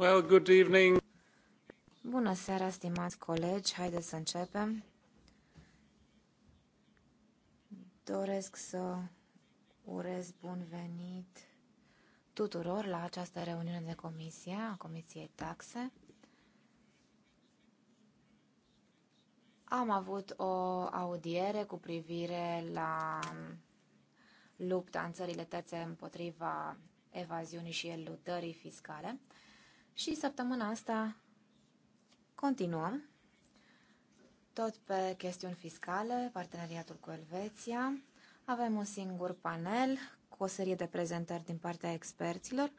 Well, good evening. Bună seara, stimați colegi. Haideți să începem. Doresc să urez bun venit tuturor la această reuniune de comisie a Comisiei Taxe. Am avut o audiere cu privire la lupta în țările terțe împotriva evaziunii și eludării fiscale. Și săptămâna asta continuăm tot pe chestiuni fiscale, parteneriatul cu Elveția. Avem un singur panel cu o serie de prezentări din partea experților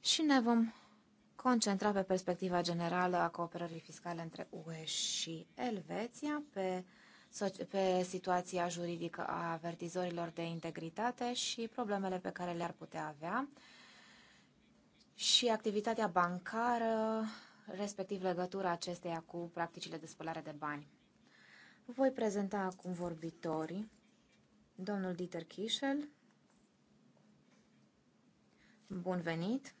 și ne vom concentra pe perspectiva generală a cooperării fiscale între UE și Elveția, pe, pe situația juridică a avertizorilor de integritate și problemele pe care le-ar putea avea și activitatea bancară, respectiv legătura acesteia cu practicile de spălare de bani. Voi prezenta acum vorbitorii. Domnul Dieter Kischel, bun venit!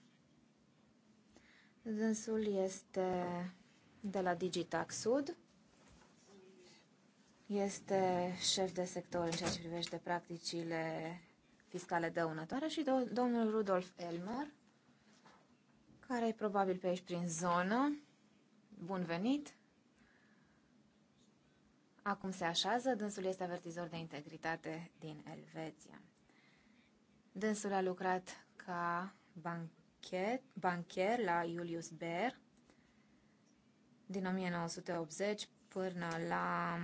Dânsul este de la Digitax Sud, este șef de sector în ceea ce privește practicile fiscale dăunătoare și do- domnul Rudolf Elmer, care e probabil pe aici prin zonă. Bun venit! Acum se așează, dânsul este avertizor de integritate din Elveția. Dânsul a lucrat ca banchet, bancher la Julius Baer din 1980 până la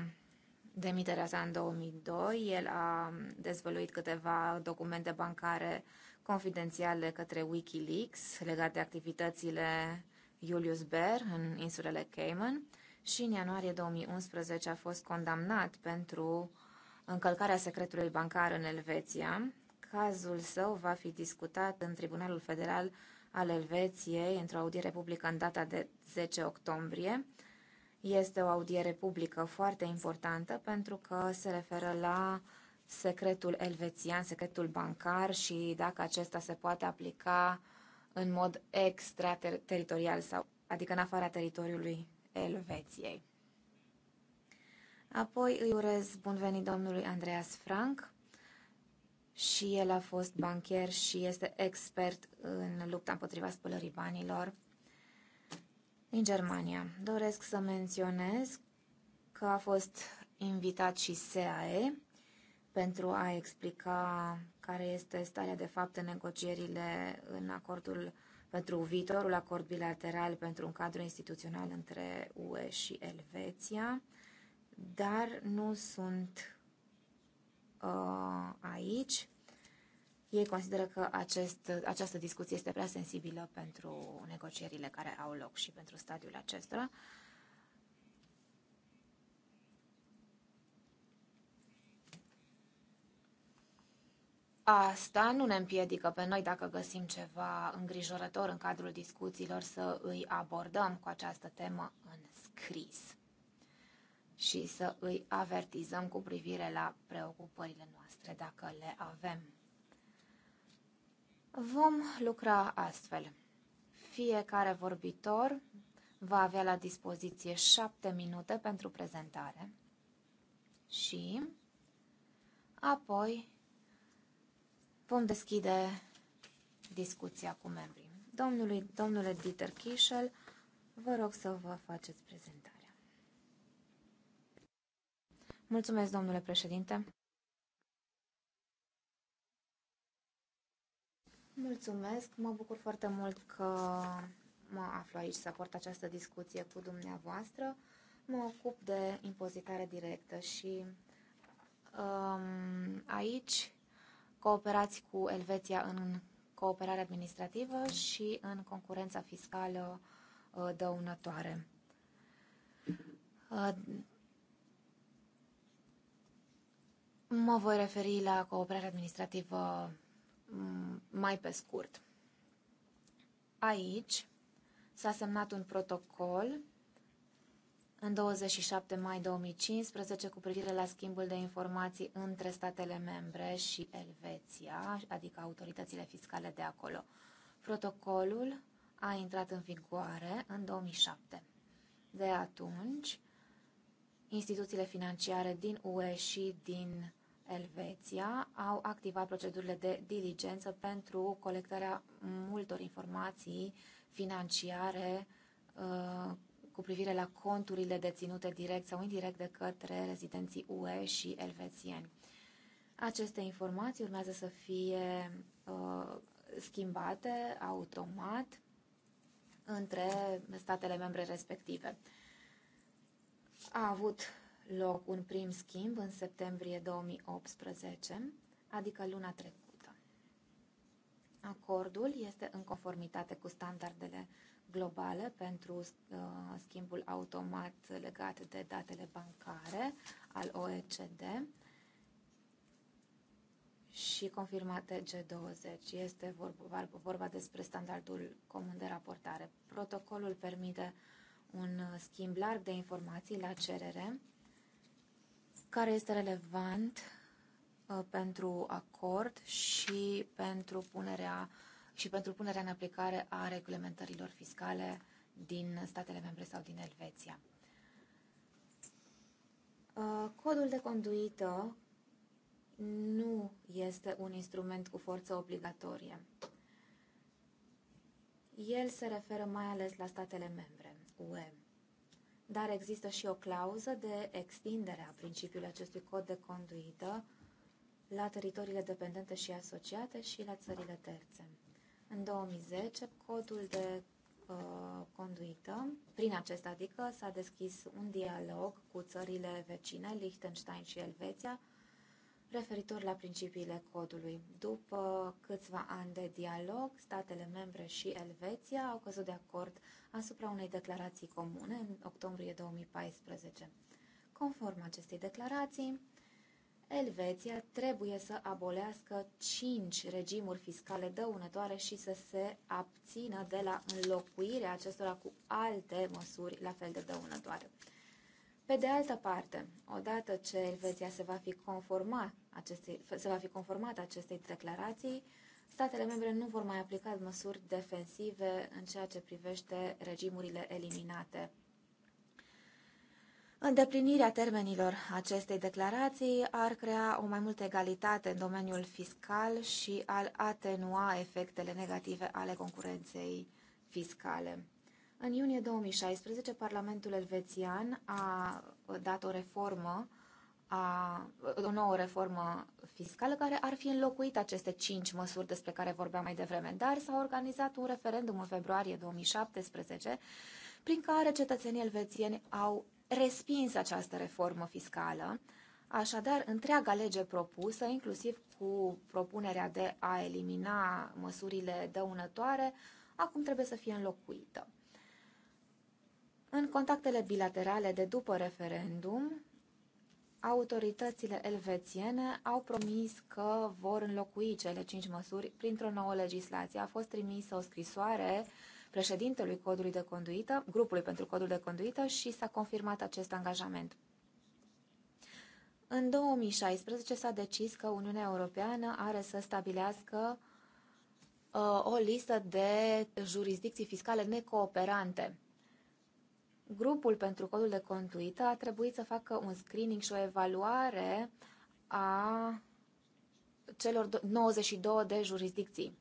demiterea sa în 2002. El a dezvăluit câteva documente bancare confidențiale către Wikileaks legate de activitățile Julius Baer în insulele Cayman și în ianuarie 2011 a fost condamnat pentru încălcarea secretului bancar în Elveția. Cazul său va fi discutat în Tribunalul Federal al Elveției într-o audiere publică în data de 10 octombrie. Este o audiere publică foarte importantă pentru că se referă la uh, secretul elvețian, secretul bancar și dacă acesta se poate aplica în mod extrateritorial sau adică în afara teritoriului Elveției. Apoi îi urez bun venit domnului Andreas Frank și el a fost bancher și este expert în lupta împotriva spălării banilor în Germania. Doresc să menționez că a fost invitat și SAE, pentru a explica care este starea de fapt în negocierile în acordul pentru viitorul acord bilateral pentru un cadru instituțional între UE și Elveția, dar nu sunt uh, aici. Ei consideră că acest, această discuție este prea sensibilă pentru negocierile care au loc și pentru stadiul acestora. Uh, Asta nu ne împiedică pe noi, dacă găsim ceva îngrijorător în cadrul discuțiilor, să îi abordăm cu această temă în scris și să îi avertizăm cu privire la preocupările noastre, dacă le avem. Vom lucra astfel. Fiecare vorbitor va avea la dispoziție șapte minute pentru prezentare și apoi Vom deschide discuția cu membrii. Domnului, domnule Dieter Kischel, vă rog să vă faceți prezentarea. Mulțumesc, domnule președinte. Mulțumesc, mă bucur foarte mult că mă aflu aici să port această discuție cu dumneavoastră. Mă ocup de impozitare directă și um, aici cooperați cu Elveția în cooperare administrativă și în concurența fiscală uh, dăunătoare. Uh, mă voi referi la cooperare administrativă mm, mai pe scurt. Aici s-a semnat un protocol în 27 mai 2015 cu privire la schimbul de informații între statele membre și Elveția, adică autoritățile fiscale de acolo. Protocolul a intrat în vigoare în 2007. De atunci, instituțiile financiare din UE și din Elveția au activat procedurile de diligență pentru colectarea multor informații financiare uh, cu privire la conturile deținute direct sau indirect de către rezidenții UE și elvețieni. Aceste informații urmează să fie uh, schimbate automat între statele membre respective. A avut loc un prim schimb în septembrie 2018, adică luna trecută. Acordul este în conformitate cu standardele globală pentru uh, schimbul automat legat de datele bancare al OECD și confirmate G20. Este vorba, vorba despre standardul comun de raportare. Protocolul permite un uh, schimb larg de informații la cerere, care este relevant uh, pentru acord și pentru punerea și pentru punerea în aplicare a reglementărilor fiscale din statele membre sau din Elveția. Uh, codul de conduită nu este un instrument cu forță obligatorie. El se referă mai ales la statele membre, UE. Dar există și o clauză de extindere a principiului acestui cod de conduită la teritoriile dependente și asociate și la țările terțe în 2010 codul de uh, conduită. Prin acesta, adică, s-a deschis un dialog cu țările vecine, Liechtenstein și Elveția, referitor la principiile codului. După câțiva ani de dialog, statele membre și Elveția au căzut de acord asupra unei declarații comune în octombrie 2014. Conform acestei declarații, Elveția trebuie să abolească cinci regimuri fiscale dăunătoare și să se abțină de la înlocuirea acestora cu alte măsuri la fel de dăunătoare. Pe de altă parte, odată ce Elveția se va fi, conforma acestei, se va fi conformat acestei declarații, statele membre nu vor mai aplica măsuri defensive în ceea ce privește regimurile eliminate Îndeplinirea termenilor acestei declarații ar crea o mai multă egalitate în domeniul fiscal și ar atenua efectele negative ale concurenței fiscale. În iunie 2016, Parlamentul elvețian a dat o reformă a, o nouă reformă fiscală care ar fi înlocuit aceste cinci măsuri despre care vorbeam mai devreme, dar s-a organizat un referendum în februarie 2017 prin care cetățenii elvețieni au respins această reformă fiscală, așadar întreaga lege propusă, inclusiv cu propunerea de a elimina măsurile dăunătoare, acum trebuie să fie înlocuită. În contactele bilaterale de după referendum, autoritățile elvețiene au promis că vor înlocui cele cinci măsuri printr-o nouă legislație. A fost trimisă o scrisoare uh, președintelui codului de conduită, grupului pentru codul de conduită și s-a confirmat acest angajament. În 2016 s-a decis că Uniunea Europeană are să stabilească uh, o listă de jurisdicții fiscale necooperante. Grupul pentru codul de conduită a trebuit să facă un screening și o evaluare a celor 92 de jurisdicții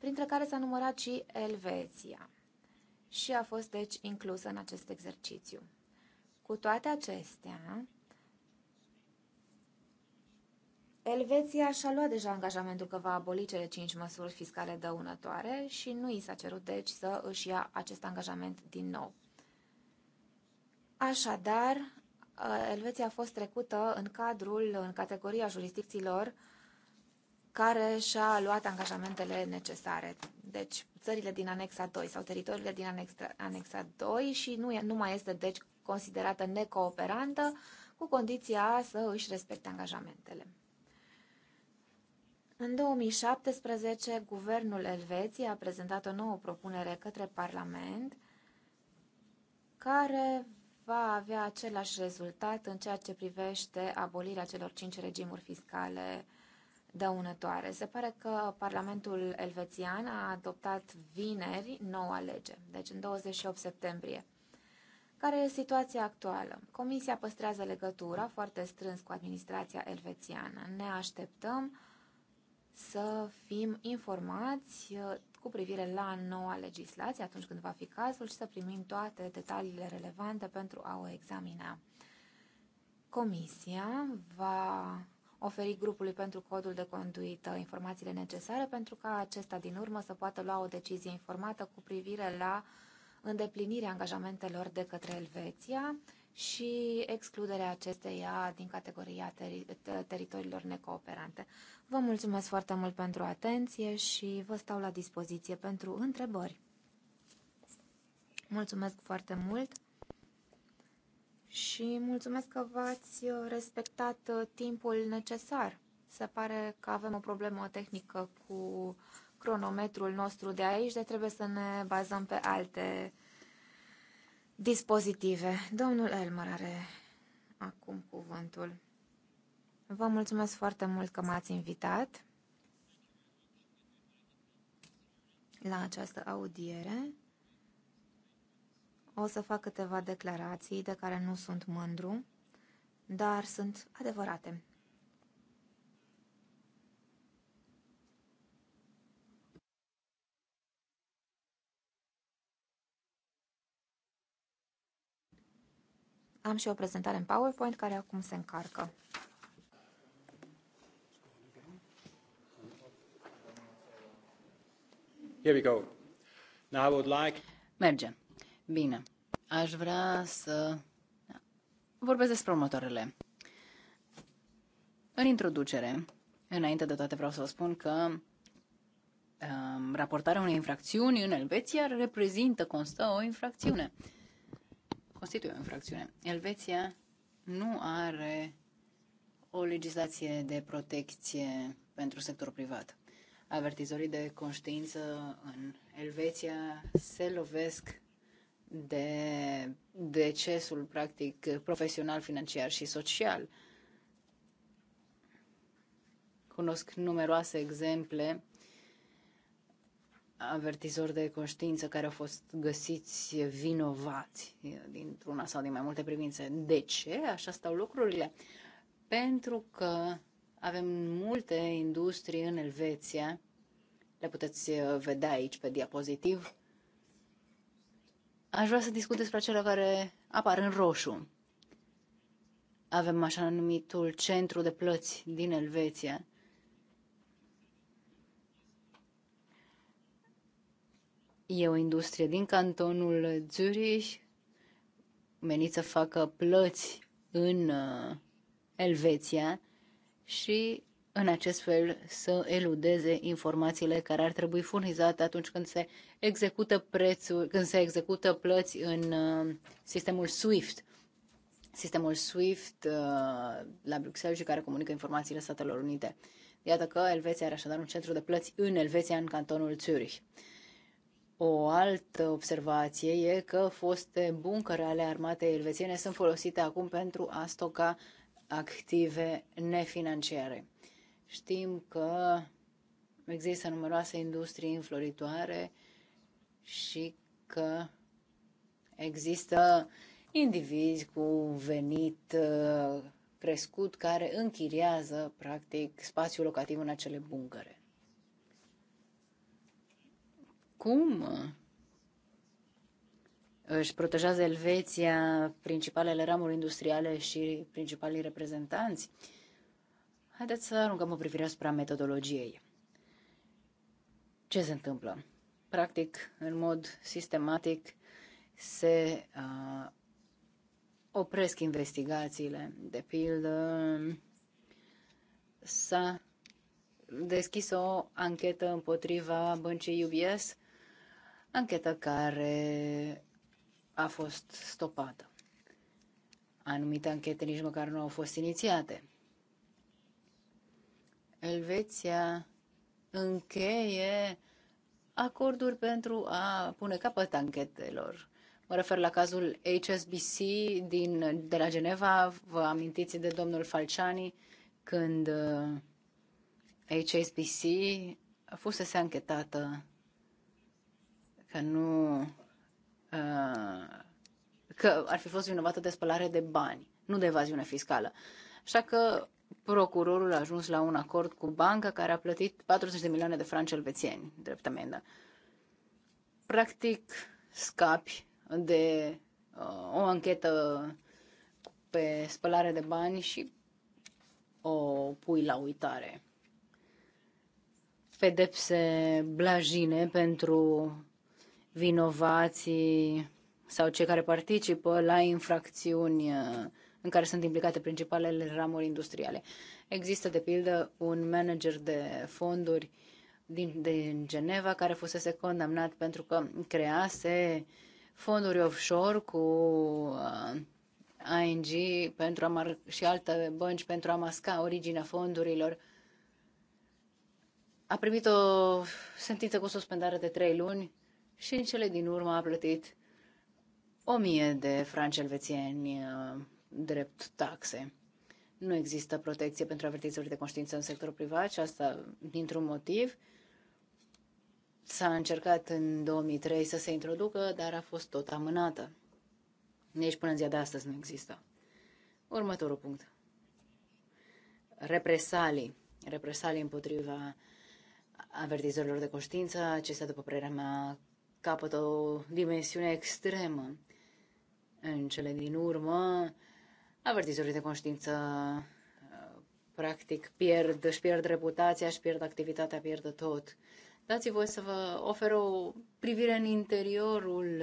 printre care s-a numărat și Elveția și a fost deci inclusă în acest exercițiu. Cu toate acestea, Elveția și-a luat deja angajamentul că va aboli cele cinci măsuri fiscale dăunătoare și nu i s-a cerut deci să își ia acest angajament din nou. Așadar, Elveția a fost trecută în cadrul, în categoria jurisdicțiilor care și-a luat angajamentele necesare. Deci, țările din anexa 2 sau teritoriile din anexa, anexa 2 și nu, e, nu mai este, deci, considerată necooperantă, cu condiția să își respecte angajamentele. În 2017, guvernul Elveției a prezentat o nouă propunere către Parlament care va avea același rezultat în ceea ce privește abolirea celor cinci regimuri fiscale dăunătoare. Se pare că Parlamentul elvețian a adoptat vineri noua lege, deci în 28 septembrie. Care e situația actuală? Comisia păstrează legătura foarte strâns cu administrația elvețiană. Ne așteptăm să fim informați uh, cu privire la noua legislație atunci când va fi cazul și să primim toate detaliile relevante pentru a o examina. Comisia va oferi grupului pentru codul de conduită informațiile necesare pentru ca acesta din urmă să poată lua o decizie informată cu privire la îndeplinirea angajamentelor de către Elveția și excluderea acesteia din categoria teri- teritoriilor necooperante. Vă mulțumesc foarte mult pentru atenție și vă stau la dispoziție pentru întrebări. Mulțumesc foarte mult! și mulțumesc că v-ați uh, respectat uh, timpul necesar. Se pare că avem o problemă tehnică cu cronometrul nostru de aici, de trebuie să ne bazăm pe alte dispozitive. Domnul Elmer are acum cuvântul. Vă mulțumesc foarte mult că m-ați invitat la această audiere. O să fac câteva declarații de care nu sunt mândru, dar sunt adevărate. Am și o prezentare în PowerPoint care acum se încarcă. Here we go. Now I would like... Mergem. Bine, aș vrea să da, vorbesc despre următoarele. În introducere, înainte de toate vreau să vă spun că um, raportarea unei infracțiuni în Elveția reprezintă, constă o infracțiune. Constituie o infracțiune. Elveția nu are o legislație de protecție pentru sectorul privat. Avertizorii de conștiință în Elveția se lovesc de decesul, practic, profesional, financiar și social. Cunosc numeroase exemple avertizori de conștiință care au fost găsiți vinovați dintr-una sau din mai multe privințe. De ce așa stau lucrurile? Pentru că avem multe industrii în Elveția, le puteți vedea aici pe diapozitiv, Aș vrea să discut despre acelea care apar în roșu. Avem așa numitul centru de plăți din Elveția. E o industrie din cantonul Zurich, menit să facă plăți în uh, Elveția și în acest fel să eludeze informațiile care ar trebui furnizate atunci când se execută prețul, când se execută plăți în uh, sistemul SWIFT. Sistemul SWIFT uh, la Bruxelles și care comunică informațiile Statelor Unite. Iată că Elveția are așadar un centru de plăți în Elveția, în cantonul Zurich. O altă observație e că foste buncăre ale armatei elvețiene sunt folosite acum pentru a stoca active nefinanciare. Știm că există numeroase industrii înfloritoare și că există indivizi cu venit uh, crescut care închiriază, practic, spațiul locativ în acele bungăre. Cum uh, își protejează Elveția principalele ramuri industriale și principalii reprezentanți? Uh, Haideți să aruncăm o privire asupra metodologiei. Ce se întâmplă? Practic, în mod sistematic, se uh, opresc investigațiile. De pildă, s-a deschis o anchetă împotriva băncii UBS, anchetă care a fost stopată. Anumite anchete nici măcar nu au fost inițiate. Elveția încheie acorduri pentru a pune capăt anchetelor. Mă refer la cazul HSBC din, de la Geneva. Vă amintiți de domnul Falciani când HSBC uh, a fusese anchetată că nu uh, că ar fi fost vinovată de spălare de bani, nu de evaziune fiscală. Așa că procurorul a ajuns la un acord cu banca care a plătit 40 de milioane de franci elvețieni, drept amendă. Practic, scapi de uh, o anchetă pe spălare de bani și o pui la uitare. Pedepse blajine pentru vinovații sau cei care participă la infracțiuni uh, în care sunt implicate principalele ramuri industriale. Există, de pildă, un manager de fonduri din, din Geneva care fusese condamnat pentru că crease fonduri offshore cu uh, ING pentru a și alte bănci pentru a masca originea fondurilor. A primit o sentință cu suspendare de trei luni și în cele din urmă a plătit o mie de franci elvețieni uh, drept taxe. Nu există protecție pentru avertizorii de conștiință în sectorul privat și asta dintr-un motiv. S-a încercat în 2003 să se introducă, dar a fost tot amânată. Nici până în ziua de astăzi nu există. Următorul punct. Represalii. Represalii împotriva avertizorilor de conștiință. Acestea, după părerea mea, capătă o dimensiune extremă. În cele din urmă, Avertizorii de conștiință uh, practic pierd, își pierd reputația, își pierd activitatea, pierd tot. dați vă voi să vă ofer o privire în interiorul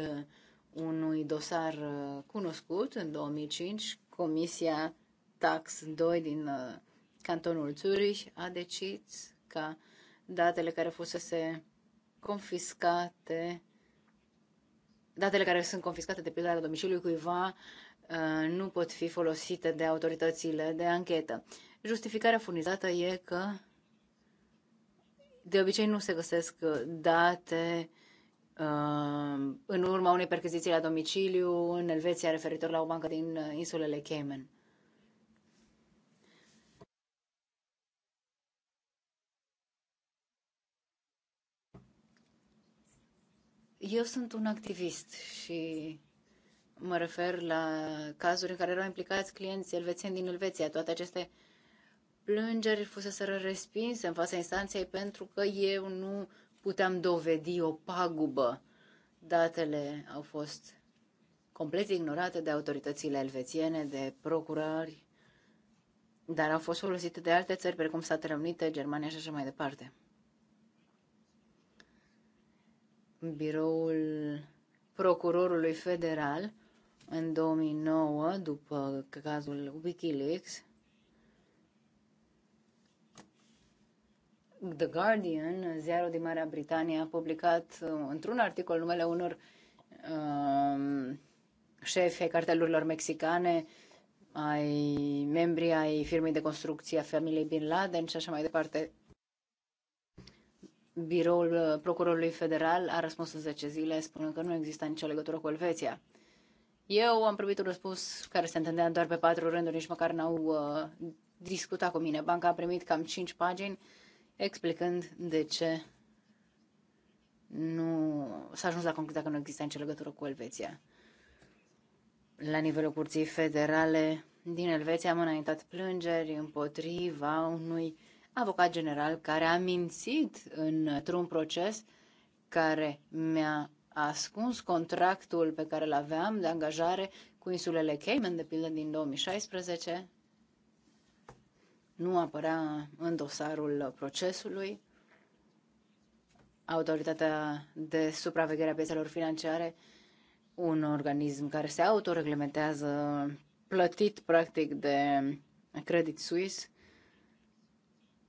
unui dosar uh, cunoscut în 2005. Comisia Tax 2 din uh, cantonul Zurich a decis ca datele care fusese confiscate datele care sunt confiscate de pildă la domiciliul cuiva Uh, nu pot fi folosite de autoritățile de anchetă. Justificarea furnizată e că de obicei nu se găsesc uh, date uh, în urma unei percheziții la domiciliu în Elveția referitor la o bancă din insulele Cayman. Eu sunt un activist și Mă refer la cazuri în care erau implicați clienți elvețieni din Elveția. Toate aceste plângeri fusese respinse în fața instanței pentru că eu nu puteam dovedi o pagubă. Datele au fost complet ignorate de autoritățile elvețiene, de procurari, dar au fost folosite de alte țări, precum Statele Unite, Germania și așa mai departe. Biroul procurorului federal în 2009, după cazul Wikileaks, The Guardian, ziarul din Marea Britanie, a publicat uh, într-un articol numele unor uh, șefi ai cartelurilor mexicane, ai membri ai firmei de construcție a familiei Bin Laden și așa mai departe. Biroul uh, Procurorului Federal a răspuns în 10 zile, spunând că nu există nicio legătură cu Elveția. Eu am primit un răspuns care se întindea doar pe patru rânduri, nici măcar n-au uh, discutat cu mine. Banca a primit cam cinci pagini explicând de ce nu s-a ajuns la concluzia că nu există nicio legătură cu Elveția. La nivelul curții federale din Elveția am înaintat plângeri împotriva unui avocat general care a mințit într-un proces care mi-a a ascuns contractul pe care îl aveam de angajare cu insulele Cayman, de pildă din 2016. Nu apărea în dosarul procesului. Autoritatea de supraveghere a piețelor financiare, un organism care se autoreglementează, plătit practic de Credit Suisse,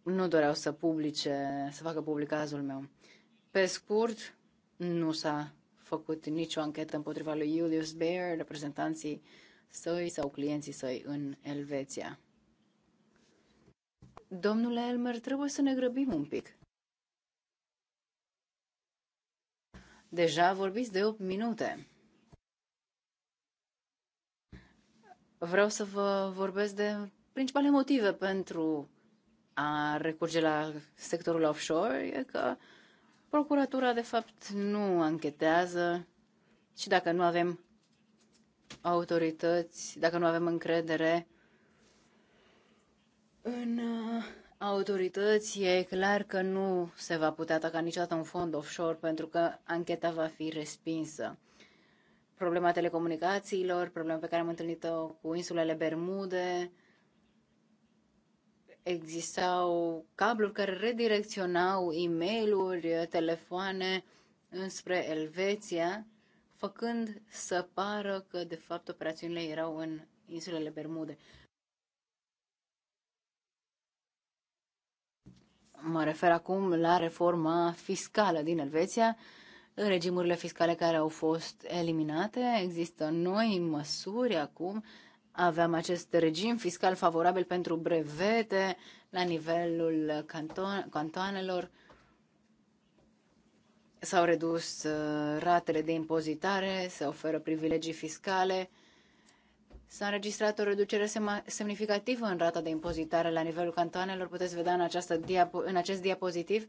nu doreau să publice, să facă public cazul meu. Pe scurt, nu s-a făcut nicio anchetă împotriva lui Julius Baer, reprezentanții săi sau clienții săi în Elveția. Domnule Elmer, trebuie să ne grăbim un pic. Deja vorbiți de 8 minute. Vreau să vă vorbesc de principale motive pentru a recurge la sectorul offshore, e că uh, Procuratura, de fapt, nu anchetează și dacă nu avem autorități, dacă nu avem încredere în uh, autorități, e clar că nu se va putea ataca niciodată un fond offshore pentru că ancheta va fi respinsă. Problema telecomunicațiilor, problema pe care am întâlnit-o cu insulele Bermude, existau cabluri care redirecționau e mail telefoane înspre Elveția, făcând să pară că, de fapt, operațiunile erau în insulele Bermude. Mă refer acum la reforma fiscală din Elveția, regimurile fiscale care au fost eliminate. Există noi măsuri acum aveam acest regim fiscal favorabil pentru brevete la nivelul canton- cantoanelor. S-au redus uh, ratele de impozitare, se oferă privilegii fiscale. S-a înregistrat o reducere semnificativă în rata de impozitare la nivelul cantoanelor. Puteți vedea în, această diapo- în acest diapozitiv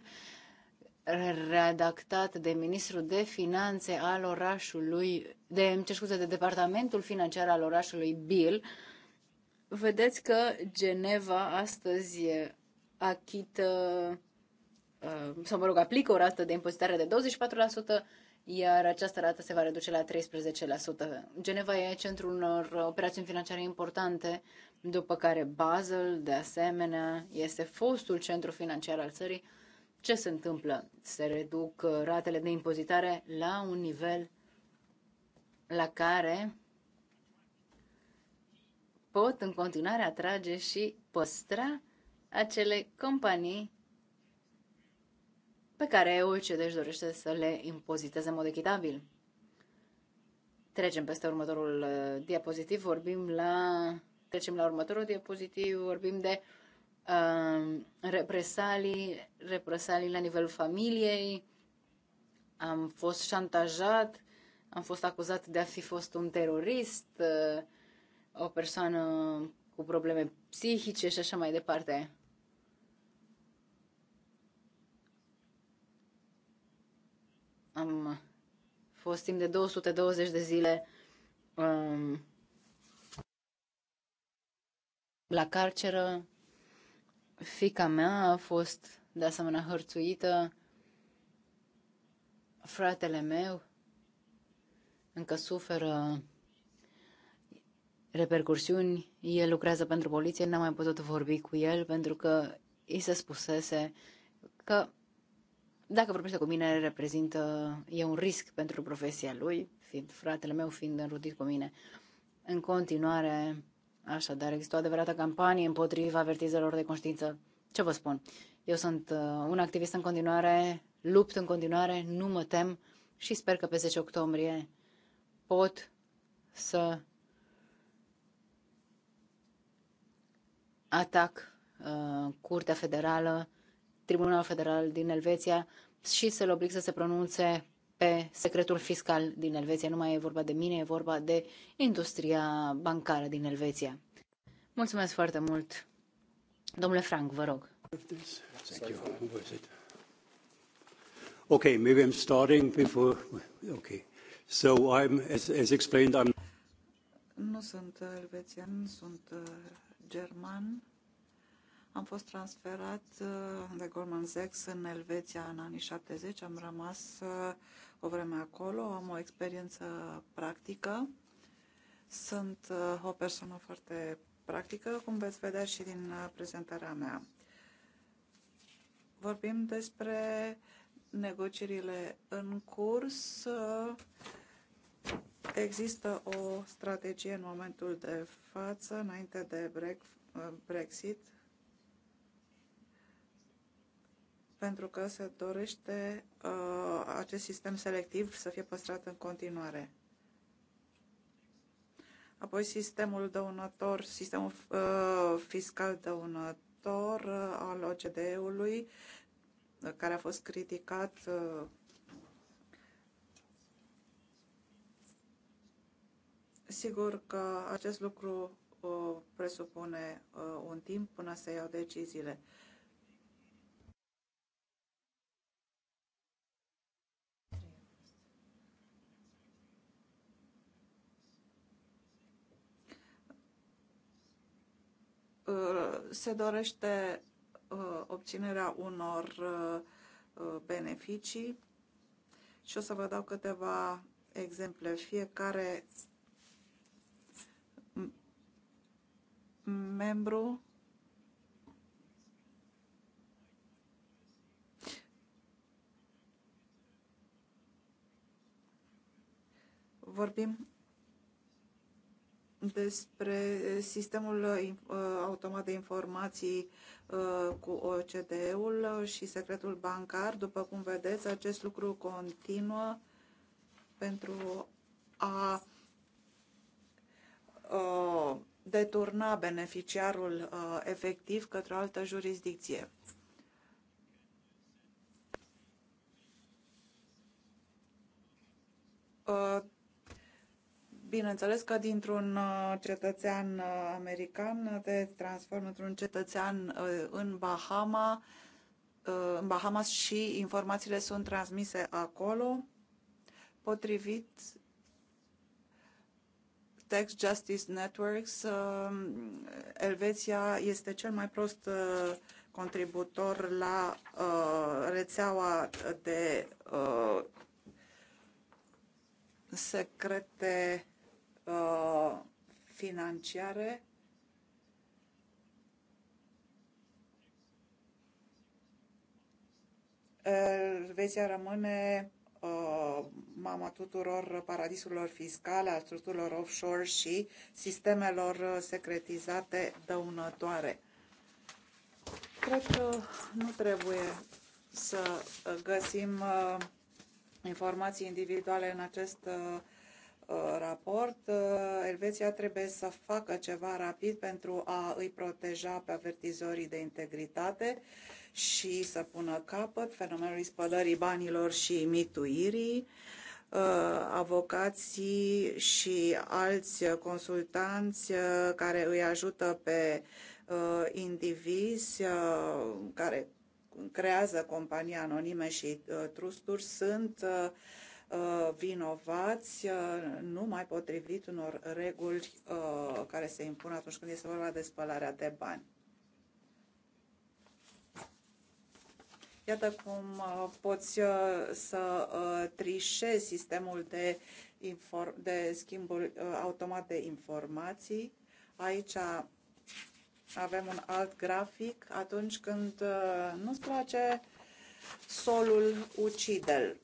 redactat de ministrul de finanțe al orașului, de, îmi cer scuze, de departamentul financiar al orașului Bill, vedeți că Geneva astăzi achită uh, sau mă rog, aplică o rată de impozitare de 24%, iar această rată se va reduce la 13%. Geneva e centrul unor operațiuni financiare importante, după care Basel, de asemenea, este fostul centru financiar al țării, ce se întâmplă? Se reduc uh, ratele de impozitare la un nivel la care pot în continuare atrage și păstra acele companii pe care OECD își dorește să le impoziteze în mod echitabil. Trecem peste următorul uh, diapozitiv, vorbim la, trecem la următorul diapozitiv, vorbim de Um, represalii, represalii la nivelul familiei, am fost șantajat, am fost acuzat de a fi fost un terorist, uh, o persoană cu probleme psihice și așa mai departe. Am fost timp de 220 de zile um, la carceră. Fica mea a fost de asemenea hărțuită. Fratele meu încă suferă repercursiuni. El lucrează pentru poliție, n-am mai putut vorbi cu el pentru că i se spusese că dacă vorbește cu mine, reprezintă, e un risc pentru profesia lui, fiind fratele meu, fiind înrudit cu mine. În continuare, Așadar, există o adevărată campanie împotriva avertizelor de conștiință. Ce vă spun? Eu sunt uh, un activist în continuare, lupt în continuare, nu mă tem și sper că pe 10 octombrie pot să atac uh, Curtea Federală, Tribunalul Federal din Elveția și să-l oblig să se pronunțe pe secretul fiscal din Elveția. Nu mai e vorba de mine, e vorba de industria bancară din Elveția. Mulțumesc foarte mult. Domnule Frank, vă rog. Okay, maybe I'm starting before... Okay. So I'm, as, as explained, I'm... Nu sunt uh, elvețian, sunt uh, german. Am fost transferat uh, de Goldman Sachs în Elveția în anii 70. Am rămas o vreme acolo, am o experiență practică, sunt uh, o persoană foarte practică, cum veți vedea și din uh, prezentarea mea. Vorbim despre negocierile în curs. Există o strategie în momentul de față, înainte de Brexit, pentru că se dorește uh, acest sistem selectiv să fie păstrat în continuare. Apoi sistemul dăunător, sistemul uh, fiscal dăunător uh, al OCDE-ului, uh, care a fost criticat uh, Sigur că acest lucru uh, presupune uh, un timp până se iau deciziile. Uh, Uh, se dorește uh, obținerea unor uh, beneficii și o să vă dau câteva exemple. Fiecare membru vorbim despre eh, sistemul eh, eh, automat de informații cu OCDE-ul și secretul bancar. După cum vedeți, acest lucru continuă pentru a deturna beneficiarul efectiv către o altă jurisdicție. Bineînțeles că dintr-un uh, cetățean uh, american te transformă într-un cetățean uh, în Bahama, în Bahamas și informațiile sunt transmise acolo potrivit Tax Justice Networks, Elveția este cel mai prost contributor la rețeaua de secrete Uh, financiare Elveția rămâne uh, mama tuturor paradisurilor fiscale, a structurilor offshore și sistemelor secretizate dăunătoare. Cred că nu trebuie să găsim uh, informații individuale în acest uh, Uh, raport, uh, Elveția trebuie să facă ceva rapid pentru a îi proteja pe avertizorii de integritate și să pună capăt fenomenului spălării banilor și mituirii. Uh, avocații și alți consultanți care îi ajută pe indivizi care creează companii anonime și trusturi sunt uh, Uh, vinovați, uh, nu mai potrivit unor reguli uh, care se impun atunci când este vorba de spălarea de bani. Iată cum poți să trișezi sistemul de, de schimbul automat de informații. Aici avem un alt grafic atunci când nu-ți place solul ucidel.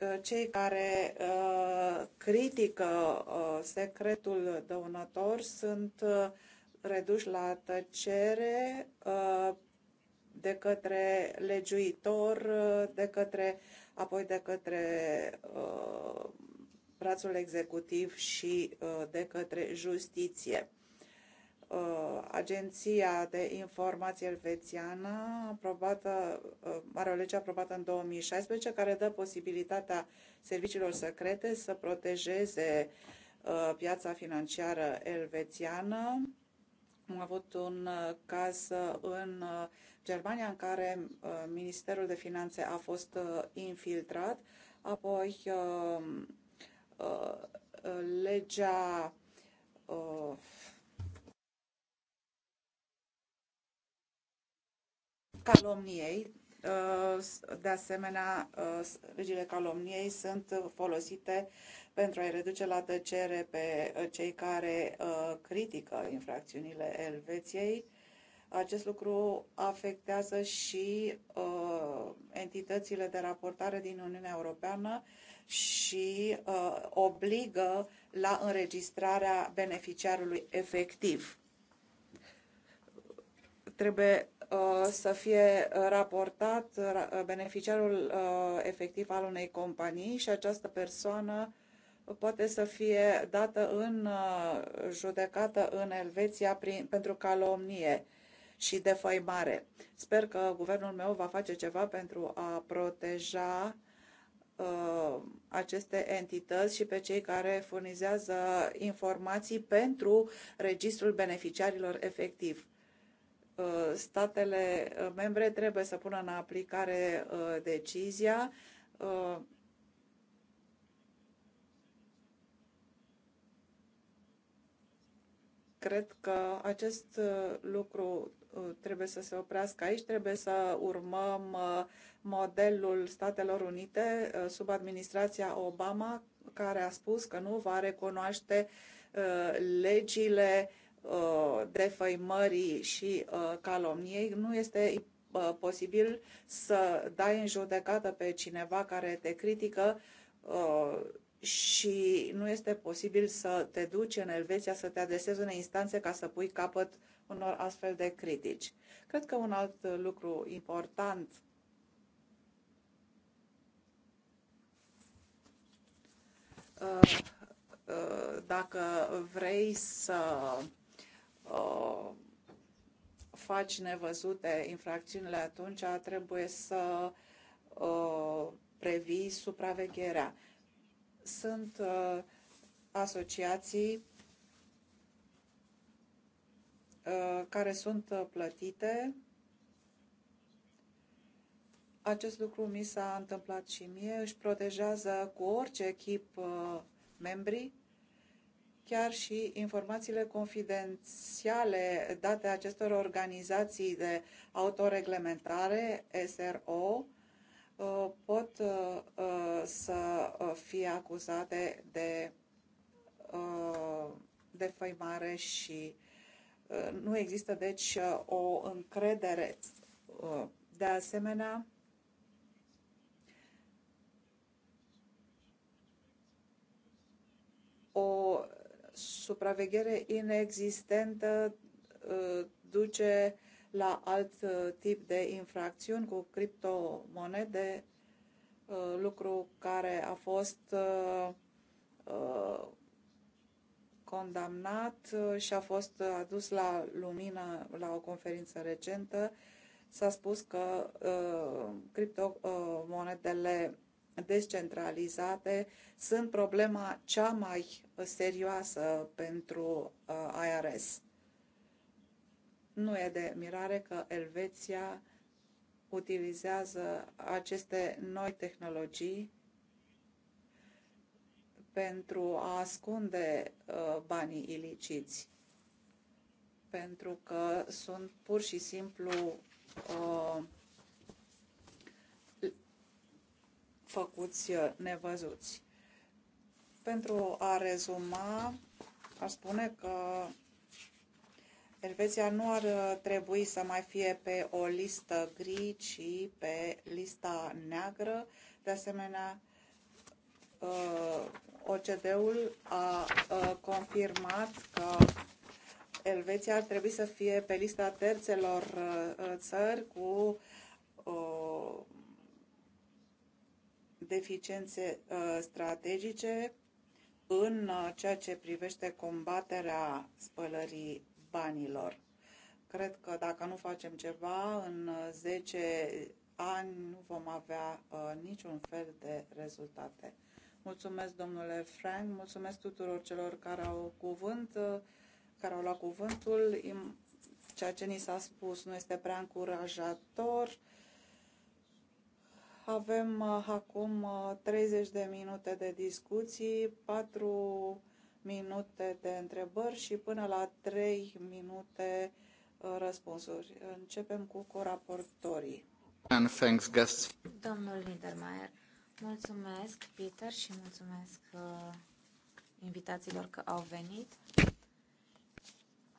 Ă, cei care ă, critică ă, secretul dăunător sunt reduși la tăcere de către legiuitor, de către, apoi de către brațul executiv și de către justiție. Uh, Agenția de Informație Elvețiană, aprobată, uh, are o lege aprobată în 2016 care dă posibilitatea serviciilor secrete să protejeze uh, piața financiară elvețiană. Am avut un caz în Germania în care Ministerul de Finanțe a fost infiltrat, apoi legea calomniei, uh, de asemenea, uh, legile calomniei sunt folosite pentru a-i reduce la tăcere pe uh, cei care critică infracțiunile Elveției. Acest lucru afectează și entitățile de raportare din Uniunea Europeană și obligă la înregistrarea beneficiarului efectiv. Trebuie Uh, să fie uh, raportat uh, beneficiarul efectiv al unei companii și această persoană poate să fie dată în judecată în Elveția prin, pentru calomnie și defăimare. Sper că guvernul meu va face ceva pentru a proteja uh, aceste entități și pe cei care furnizează informații pentru registrul beneficiarilor efectivi. Uh, statele uh, membre trebuie să pună în aplicare uh, decizia cred că acest lucru trebuie să se oprească aici, trebuie să urmăm modelul Statelor Unite sub administrația Obama, care a spus că nu va recunoaște legile uh, Uh, defăimării și uh, calomniei, nu este uh, posibil să dai în judecată pe cineva care te critică și nu este posibil să te duci în Elveția să te adesezi în instanțe ca să pui capăt unor astfel de critici. Cred că un alt lucru important dacă vrei să Uh, faci nevăzute infracțiunile, atunci trebuie să uh, previi supravegherea. Sunt uh, asociații care sunt plătite. Acest lucru mi s-a întâmplat și mie. Își protejează cu orice echip membrii chiar și informațiile confidențiale date acestor organizații de autoreglementare, SRO, uh, pot uh, uh, să fie acuzate de defăimare și nu există deci o încredere. De asemenea, o supraveghere inexistentă uh, duce la alt uh, tip de infracțiuni cu criptomonede, uh, lucru care a fost condamnat și a fost adus la lumină la o conferință recentă. S-a spus că criptomonedele descentralizate sunt problema cea mai serioasă pentru uh, IRS. Nu e de mirare că Elveția utilizează aceste noi tehnologii pentru a ascunde uh, banii iliciți, pentru că sunt pur și simplu uh, făcuți uh, nevăzuți. Pentru a rezuma, aș spune că Elveția nu ar uh, trebui să mai fie pe o listă gri, ci pe lista neagră. De asemenea, uh, OCD-ul a confirmat că Elveția ar trebui să fie pe lista terțelor țări cu deficiențe uh, strategice în uh, ceea ce privește combaterea spălării banilor. Cred că dacă nu facem ceva, în 10 uh, ani nu vom avea niciun fel de rezultate. Mulțumesc, domnule Frank, mulțumesc tuturor celor care au, cuvânt, care au luat cuvântul. Ceea ce ni s-a spus nu este prea încurajator avem uh, acum 30 uh, de minute de discuții, 4 minute de întrebări și până la 3 minute uh, răspunsuri. Începem cu coraportorii. And thanks, guests. Domnul Niedermayer, mulțumesc, Peter, și mulțumesc uh, invitațiilor că au venit.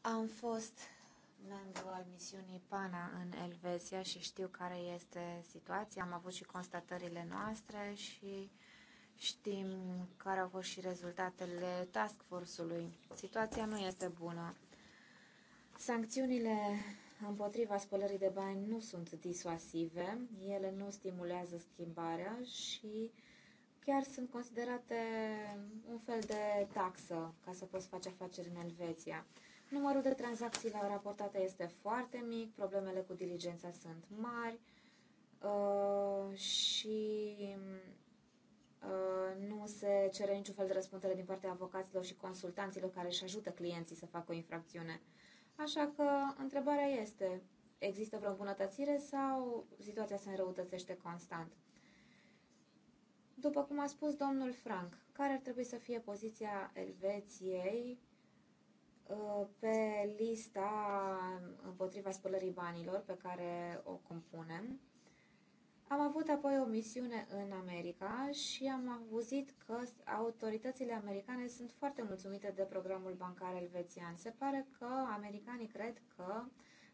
Am fost membru al misiunii PANA în Elveția și știu care este situația. Am avut și constatările noastre și știm care au fost și rezultatele task force-ului. Situația nu este bună. Sancțiunile împotriva spălării de bani nu sunt disuasive, ele nu stimulează schimbarea și chiar sunt considerate un fel de taxă ca să poți face afaceri în Elveția. Numărul de tranzacții la raportate este foarte mic, problemele cu diligența sunt mari uh, și uh, nu se cere niciun fel de răspundere din partea avocaților și consultanților care își ajută clienții să facă o infracțiune. Așa că întrebarea este, există vreo îmbunătățire sau situația se înrăutățește constant? După cum a spus domnul Frank, care ar trebui să fie poziția Elveției Uh, pe lista împotriva spălării banilor pe care o compunem. Am avut apoi o misiune în America și am auzit că autoritățile americane sunt foarte mulțumite de programul bancar elvețian. Se pare că americanii cred că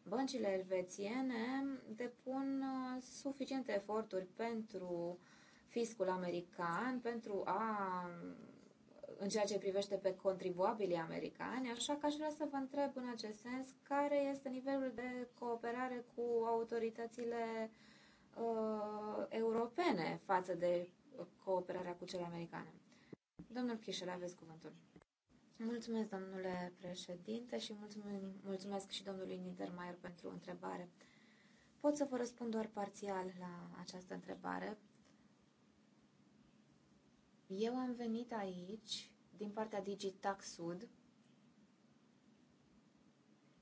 băncile elvețiene depun uh, suficiente eforturi pentru fiscul american, pentru a în ceea ce privește pe contribuabilii americani, așa că aș vrea să vă întreb în acest sens care este nivelul de cooperare cu autoritățile uh, europene față de cooperarea cu cele americane. Domnul Chișel, aveți cuvântul. Mulțumesc, domnule președinte, și mulțumesc, mulțumesc și domnului Niedermayer pentru întrebare. Pot să vă răspund doar parțial la această întrebare, eu am venit aici din partea Digitax Sud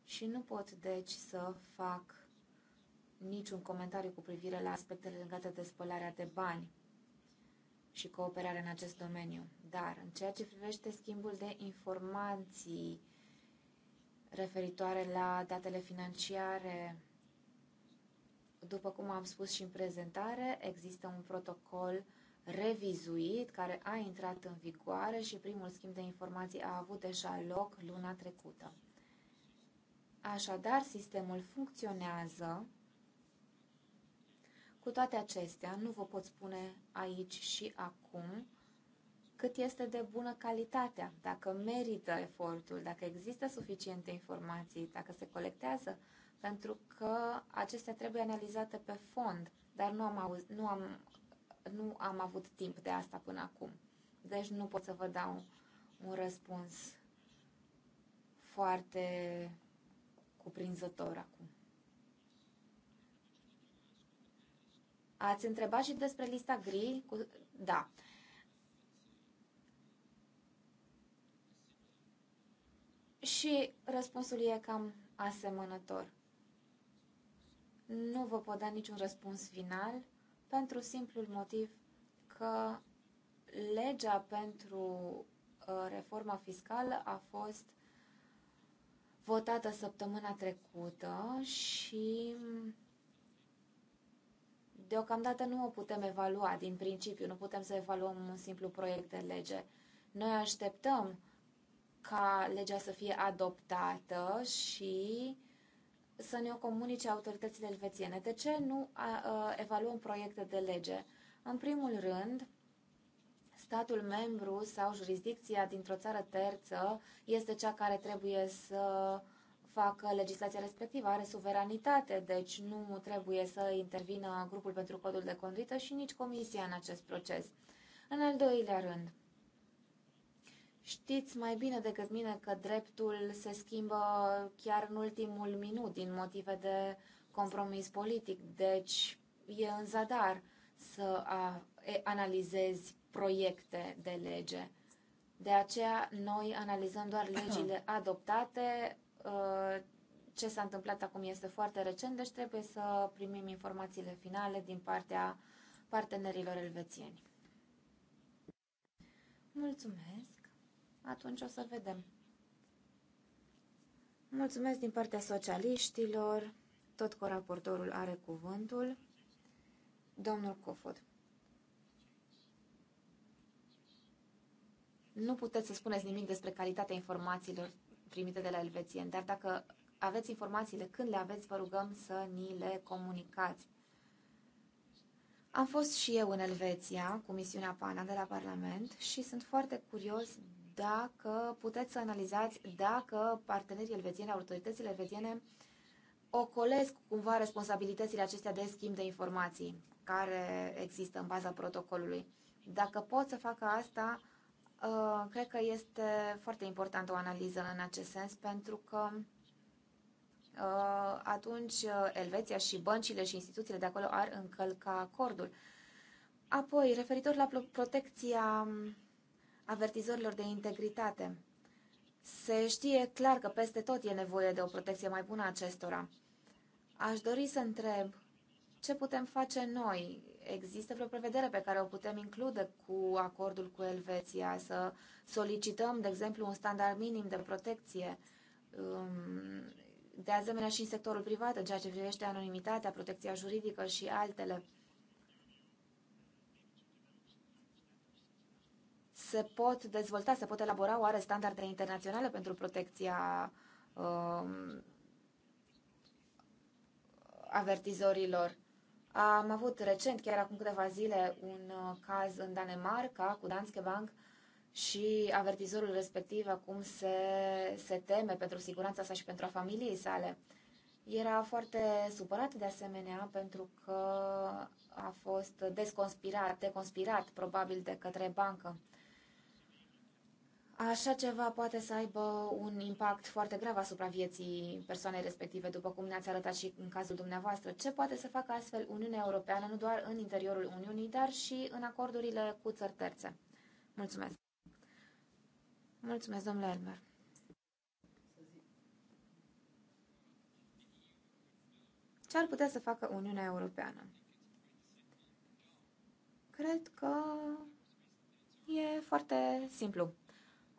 și nu pot deci să fac niciun comentariu cu privire la aspectele legate de spălarea de bani și cooperarea în acest domeniu. Dar în ceea ce privește schimbul de informații referitoare la datele financiare, după cum am spus și în prezentare, există un protocol uh, revizuit, care a intrat în vigoare și primul schimb de informații a avut deja loc luna trecută. Așadar, sistemul funcționează. Cu toate acestea, nu vă pot spune aici și acum cât este de bună calitatea, dacă merită efortul, dacă există suficiente informații, dacă se colectează, pentru că acestea trebuie analizate pe fond, dar nu am, auz, nu am nu am avut timp de asta până acum. Deci nu pot să vă dau un răspuns foarte cuprinzător acum. Ați întrebat și despre lista gri? Cu... Da. Și răspunsul e cam asemănător. Nu vă pot da niciun răspuns final, pentru simplul motiv că legea pentru uh, reforma fiscală a fost votată săptămâna trecută și deocamdată nu o putem evalua din principiu, nu putem să evaluăm un simplu proiect de lege. Noi așteptăm ca legea să fie adoptată și să ne o comunice autoritățile elvețiene. De ce nu evaluăm proiecte de lege? În primul rând, statul membru sau jurisdicția dintr-o țară terță este cea care trebuie să facă legislația respectivă, are suveranitate, deci nu trebuie să intervină grupul pentru codul de conduită și nici comisia în acest proces. În al doilea rând, Știți mai bine decât mine că dreptul se schimbă chiar în ultimul minut din motive de compromis politic, deci e în zadar să analizezi proiecte de lege. De aceea noi analizăm doar legile adoptate, uh, ce s-a întâmplat acum este foarte recent, deci trebuie să primim informațiile finale din partea partenerilor elvețieni. Mulțumesc! atunci o să vedem. Mulțumesc din partea socialiștilor. Tot cu raportorul are cuvântul. Domnul Cofod. Nu puteți să spuneți nimic despre calitatea informațiilor primite de la Elvețien, dar dacă aveți informațiile, când le aveți, vă rugăm să ni le comunicați. Am fost și eu în Elveția cu misiunea PANA de la Parlament și sunt foarte curios dacă puteți să analizați dacă partenerii elvețieni, autoritățile elvețiene, ocolesc cumva responsabilitățile acestea de schimb de informații care există în baza protocolului. Dacă pot să facă asta, uh, cred că este foarte importantă o analiză în acest sens, pentru că uh, atunci uh, Elveția și băncile și instituțiile de acolo ar încălca acordul. Apoi, referitor la protecția um, avertizorilor de integritate. Se știe clar că peste tot e nevoie de o protecție mai bună acestora. Aș dori să întreb ce putem face noi. Există vreo prevedere pe care o putem include cu acordul cu Elveția, să solicităm, de exemplu, un standard minim de protecție, um, de asemenea și în sectorul privat, în ceea ce privește anonimitatea, protecția juridică și altele. se pot dezvolta, se pot elabora oare standarde internaționale pentru protecția um, avertizorilor. Am avut recent, chiar acum câteva zile, un uh, caz în Danemarca cu Danske Bank și avertizorul respectiv acum se, se teme pentru siguranța sa și pentru a familiei sale. Era foarte supărat de asemenea pentru că a fost desconspirat, deconspirat probabil de către bancă. Așa ceva poate să aibă un impact foarte grav asupra vieții persoanei respective, după cum ne-ați arătat și în cazul dumneavoastră. Ce poate să facă astfel Uniunea Europeană, nu doar în interiorul Uniunii, dar și în acordurile cu țări terțe? Mulțumesc! Mulțumesc, domnule Elmer! Ce ar putea să facă Uniunea Europeană? Cred că e foarte simplu.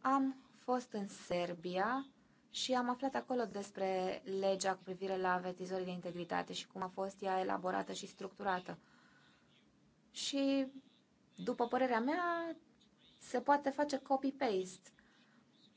Am fost în Serbia și am aflat acolo despre legea cu privire la avertizorii de integritate și cum a fost ea elaborată și structurată. Și, după părerea mea, se poate face copy-paste.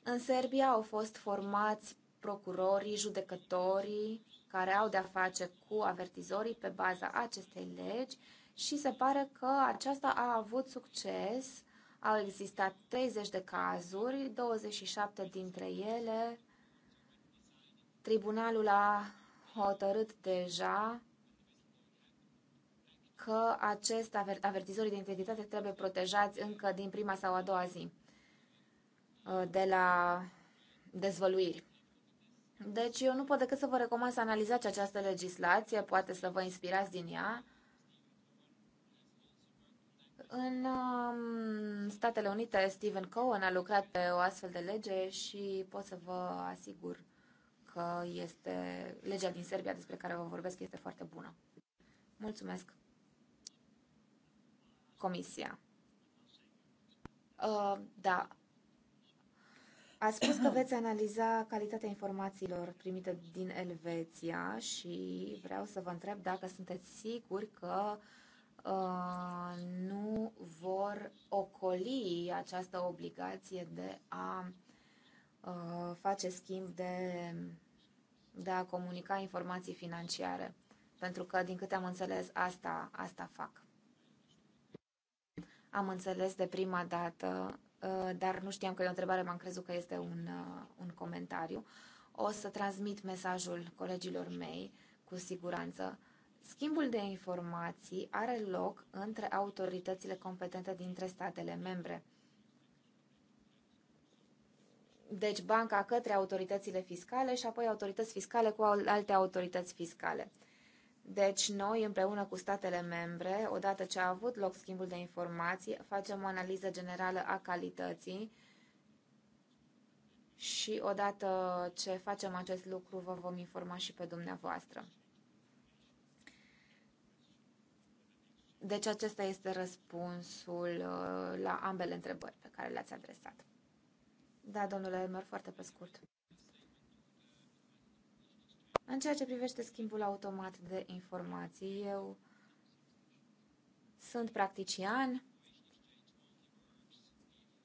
În Serbia au fost formați procurorii, judecătorii care au de-a face cu avertizorii pe baza acestei legi și se pare că aceasta a avut succes au existat 30 de cazuri, 27 dintre ele tribunalul a hotărât deja că acest avertizor de integritate trebuie protejați încă din prima sau a doua zi uh, de la dezvăluiri. Deci eu nu pot decât să vă recomand să analizați această legislație, poate să vă inspirați din ea în um, Statele Unite, Stephen Cohen a lucrat pe o astfel de lege și pot să vă asigur că este legea din Serbia despre care vă vorbesc este foarte bună. Mulțumesc. Comisia. Uh, da. A spus că veți analiza calitatea informațiilor primite din Elveția și vreau să vă întreb dacă sunteți siguri că uh, Uh, nu vor ocoli această obligație de a uh, face schimb de, de a comunica informații financiare. Pentru că, din câte am înțeles, asta, asta fac. Am înțeles de prima dată, uh, dar nu știam că e o întrebare, m-am crezut că este un, un comentariu. O să transmit mesajul colegilor mei, cu siguranță Schimbul de informații are loc între autoritățile competente dintre statele membre. Deci banca către autoritățile fiscale și apoi autorități fiscale cu alte autorități fiscale. Deci noi, împreună cu statele membre, odată ce a avut loc schimbul de informații, facem o analiză generală a calității și odată ce facem acest lucru, vă vom informa și pe dumneavoastră. Deci acesta este răspunsul uh, la ambele întrebări pe care le-ați adresat. Da, domnule Elmer, foarte pe scurt. În ceea ce privește schimbul automat de informații, eu sunt practician.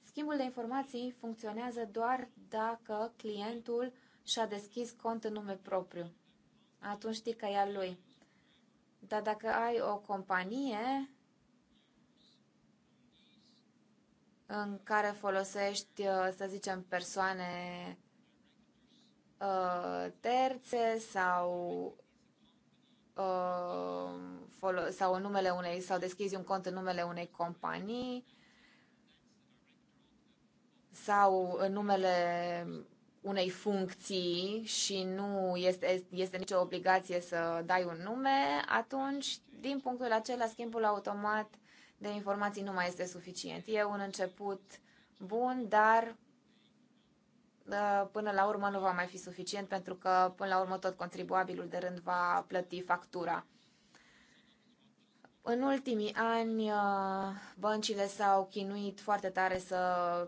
Schimbul de informații funcționează doar dacă clientul și-a deschis cont în nume propriu. Atunci știi că e al lui. Dar dacă ai o companie în care folosești, uh, să zicem, persoane uh, terțe sau uh, sau în numele unei sau deschizi un cont în numele unei companii sau în numele unei funcții și nu este, este nicio obligație să dai un nume, atunci, din punctul acela, schimbul automat de informații nu mai este suficient. E un început bun, dar ă, până la urmă nu va mai fi suficient pentru că până la urmă tot contribuabilul de rând va plăti factura. În ultimii ani, uh, băncile s-au chinuit foarte tare să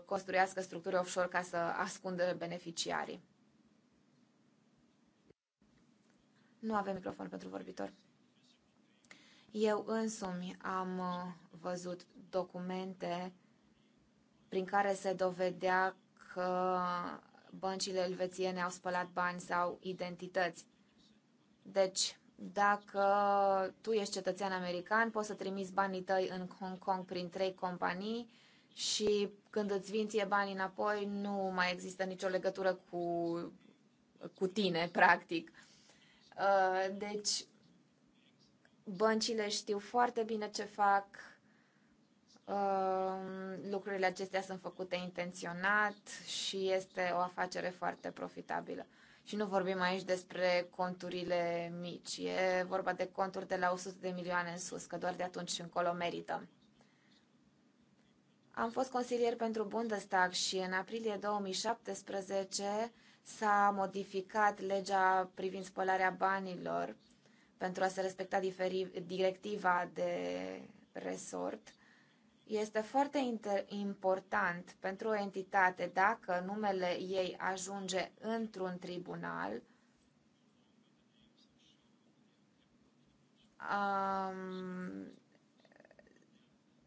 construiască structuri offshore ca să ascundă beneficiarii. Nu avem microfon pentru vorbitor. Eu însumi am uh, văzut documente prin care se dovedea că băncile elvețiene au spălat bani sau identități. Deci, dacă tu ești cetățean american, poți să trimiți banii tăi în Hong Kong prin trei companii și când îți vin ție banii înapoi, nu mai există nicio legătură cu, cu tine, practic. Uh, deci, băncile știu foarte bine ce fac, uh, lucrurile acestea sunt făcute intenționat și este o afacere foarte profitabilă. Și nu vorbim aici despre conturile mici, e vorba de conturi de la 100 de milioane în sus, că doar de atunci încolo merită. Am fost consilier pentru Bundestag și în aprilie 2017 s-a modificat legea privind spălarea banilor pentru a se respecta diferi, directiva de resort este foarte important pentru o entitate dacă numele ei ajunge într-un tribunal. Um,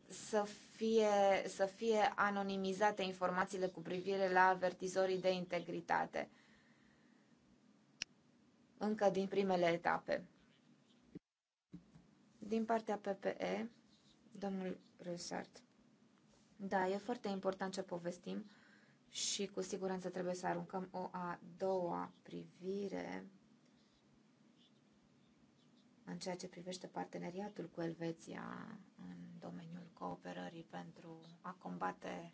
să fie, să fie anonimizate informațiile cu privire la avertizorii de integritate încă din primele etape. Din partea PPE, Domnul Richard. Da, e foarte important ce povestim și cu siguranță trebuie să aruncăm o a doua privire în ceea ce privește parteneriatul cu Elveția în domeniul cooperării pentru a combate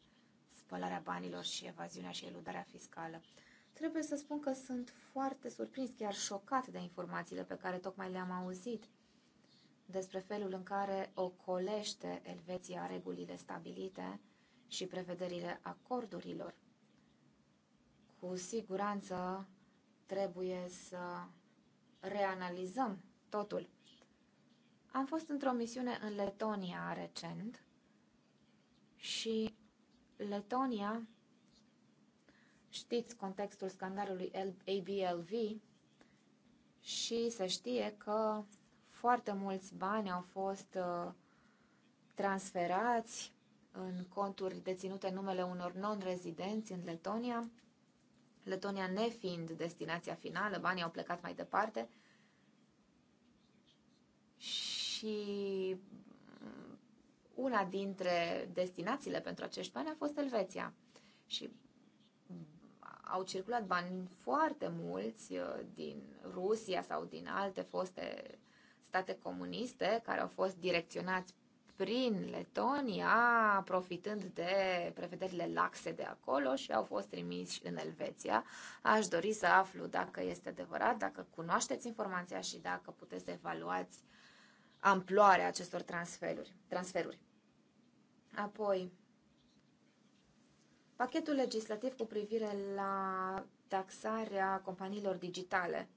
spălarea banilor și evaziunea și eludarea fiscală. Trebuie să spun că sunt foarte surprins, chiar șocat de informațiile pe care tocmai le-am auzit despre felul în care ocolește Elveția regulile stabilite și prevederile acordurilor. Cu siguranță trebuie să reanalizăm totul. Am fost într-o misiune în Letonia recent și Letonia, știți contextul scandalului ABLV și se știe că foarte mulți bani au fost uh, transferați în conturi deținute în numele unor non-rezidenți în Letonia, Letonia nefiind destinația finală, banii au plecat mai departe și una dintre destinațiile pentru acești bani a fost Elveția. Și au circulat bani foarte mulți uh, din Rusia sau din alte foste state comuniste care au fost direcționați prin Letonia, profitând de prevederile laxe de acolo și au fost trimiși în Elveția. Aș dori să aflu dacă este adevărat, dacă cunoașteți informația și dacă puteți evaluați amploarea acestor transferuri. transferuri. Apoi, pachetul legislativ cu privire la taxarea companiilor digitale –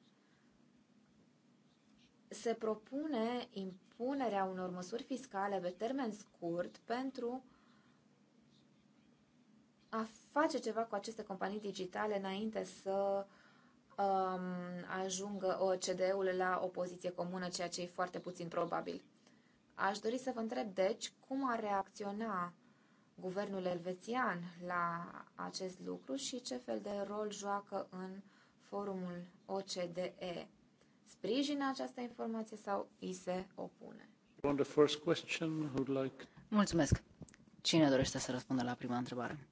se propune impunerea unor măsuri fiscale pe termen scurt pentru a face ceva cu aceste companii digitale înainte să um, ajungă OCDE-ul la o poziție comună, ceea ce e foarte puțin probabil. Aș dori să vă întreb, deci, cum ar reacționa guvernul elvețian la acest lucru și ce fel de rol joacă în forumul OCDE sprijină această informație sau îi se opune. Mulțumesc. Cine dorește să răspundă la prima întrebare?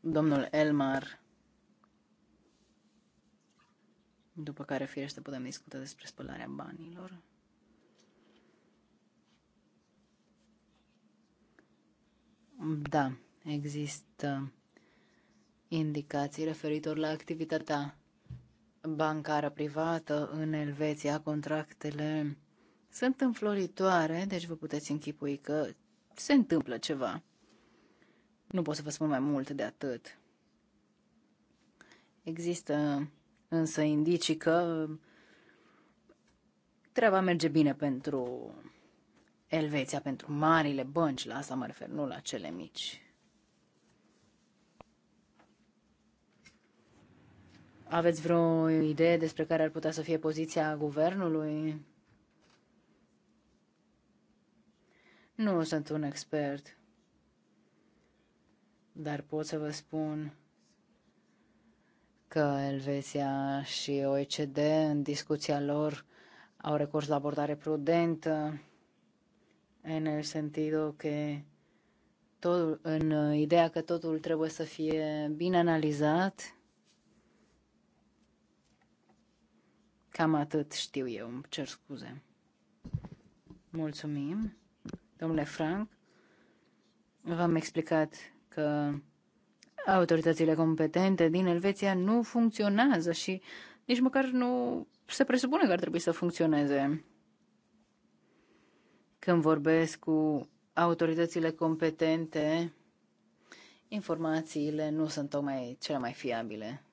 Domnul Elmar, după care firește putem discuta despre spălarea banilor. Da există indicații referitor la activitatea bancară privată în Elveția. Contractele sunt înfloritoare, deci vă puteți închipui că se întâmplă ceva. Nu pot să vă spun mai mult de atât. Există însă indicii că treaba merge bine pentru Elveția, pentru marile bănci, la asta mă refer, nu la cele mici. Aveți vreo idee despre care ar putea să fie poziția guvernului? Nu sunt un expert, dar pot să vă spun că Elveția și OECD în discuția lor au recurs la abordare prudentă în el sentido că totul, în ideea că totul trebuie să fie bine analizat Cam atât știu eu, îmi cer scuze. Mulțumim. Domnule Frank, v-am explicat că autoritățile competente din Elveția nu funcționează și nici măcar nu se presupune că ar trebui să funcționeze. Când vorbesc cu autoritățile competente, informațiile nu sunt tocmai cele mai fiabile.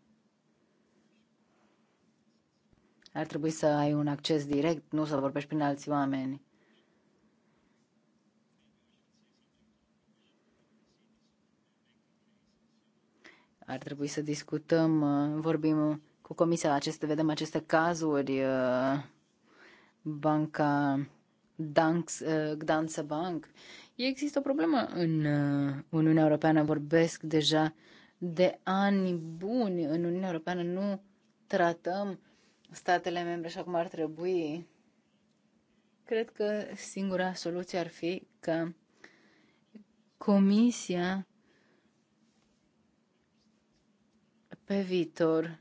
Ar trebui să ai un acces direct, nu să vorbești prin alți oameni. Ar trebui să discutăm, uh, vorbim cu comisia aceste, vedem aceste cazuri, uh, banca Danks, uh, Bank. Există o problemă în Uniunea Europeană, vorbesc deja de ani buni în Uniunea Europeană, nu tratăm statele membre așa cum ar trebui, cred că singura soluție ar fi că Comisia pe viitor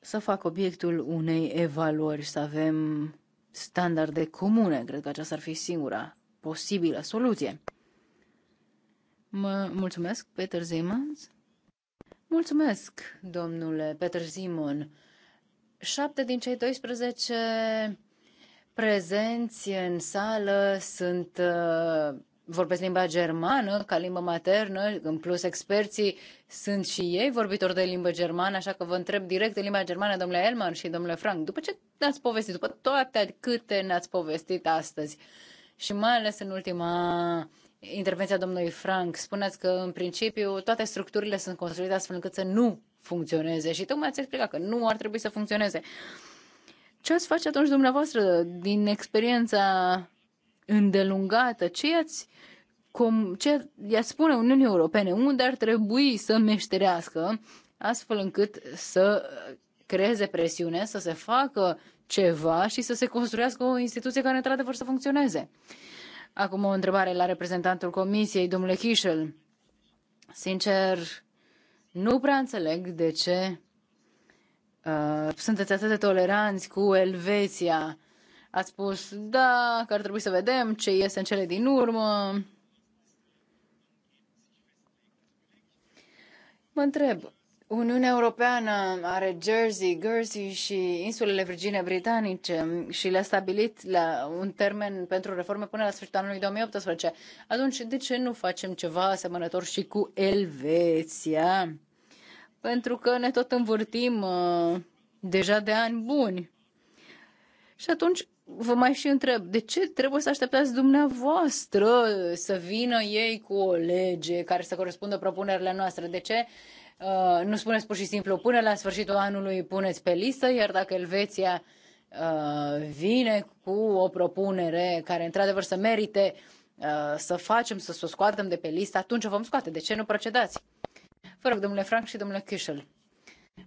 să facă obiectul unei evaluări, să avem standarde comune. Cred că aceasta ar fi singura posibilă soluție. Mă mulțumesc, Peter Zimans. Mulțumesc, domnule Peter Simon Șapte din cei 12 prezenți în sală sunt uh, vorbesc limba germană ca limbă maternă, în plus experții sunt și ei vorbitori de limbă germană, așa că vă întreb direct de limba germană, domnule Elman și domnule Frank, după ce ne-ați povestit, după toate câte ne-ați povestit astăzi și mai ales în ultima intervenția domnului Frank, spuneți că în principiu toate structurile sunt construite astfel încât să nu funcționeze. Și tocmai ați explicat că nu ar trebui să funcționeze. Ce ați face atunci dumneavoastră din experiența îndelungată? Ce ați cum, ce i spune Uniunii Europene, unde ar trebui să meșterească, astfel încât să creeze presiune, să se facă ceva și să se construiască o instituție care într-adevăr să funcționeze. Acum o întrebare la reprezentantul Comisiei, domnule Chișel. Sincer, nu prea înțeleg de ce uh, sunteți atât de toleranți cu Elveția. Ați spus, da, că ar trebui să vedem ce iese în cele din urmă. Mă întreb, Uniunea Europeană are Jersey, Guernsey și insulele Virgine Britanice și le-a stabilit la un termen pentru reforme până la sfârșitul anului 2018. Atunci, de ce nu facem ceva asemănător și cu Elveția? Pentru că ne tot învârtim uh, deja de ani buni. Și atunci vă mai și întreb, de ce trebuie să așteptați dumneavoastră să vină ei cu o lege care să corespundă propunerile noastre? De ce Uh, nu spuneți pur și simplu până la sfârșitul anului puneți pe listă, iar dacă Elveția uh, vine cu o propunere care într-adevăr să merite uh, să facem, să o scoatem de pe listă, atunci o vom scoate. De ce nu procedați? Vă rog, domnule Frank și domnule Kischel.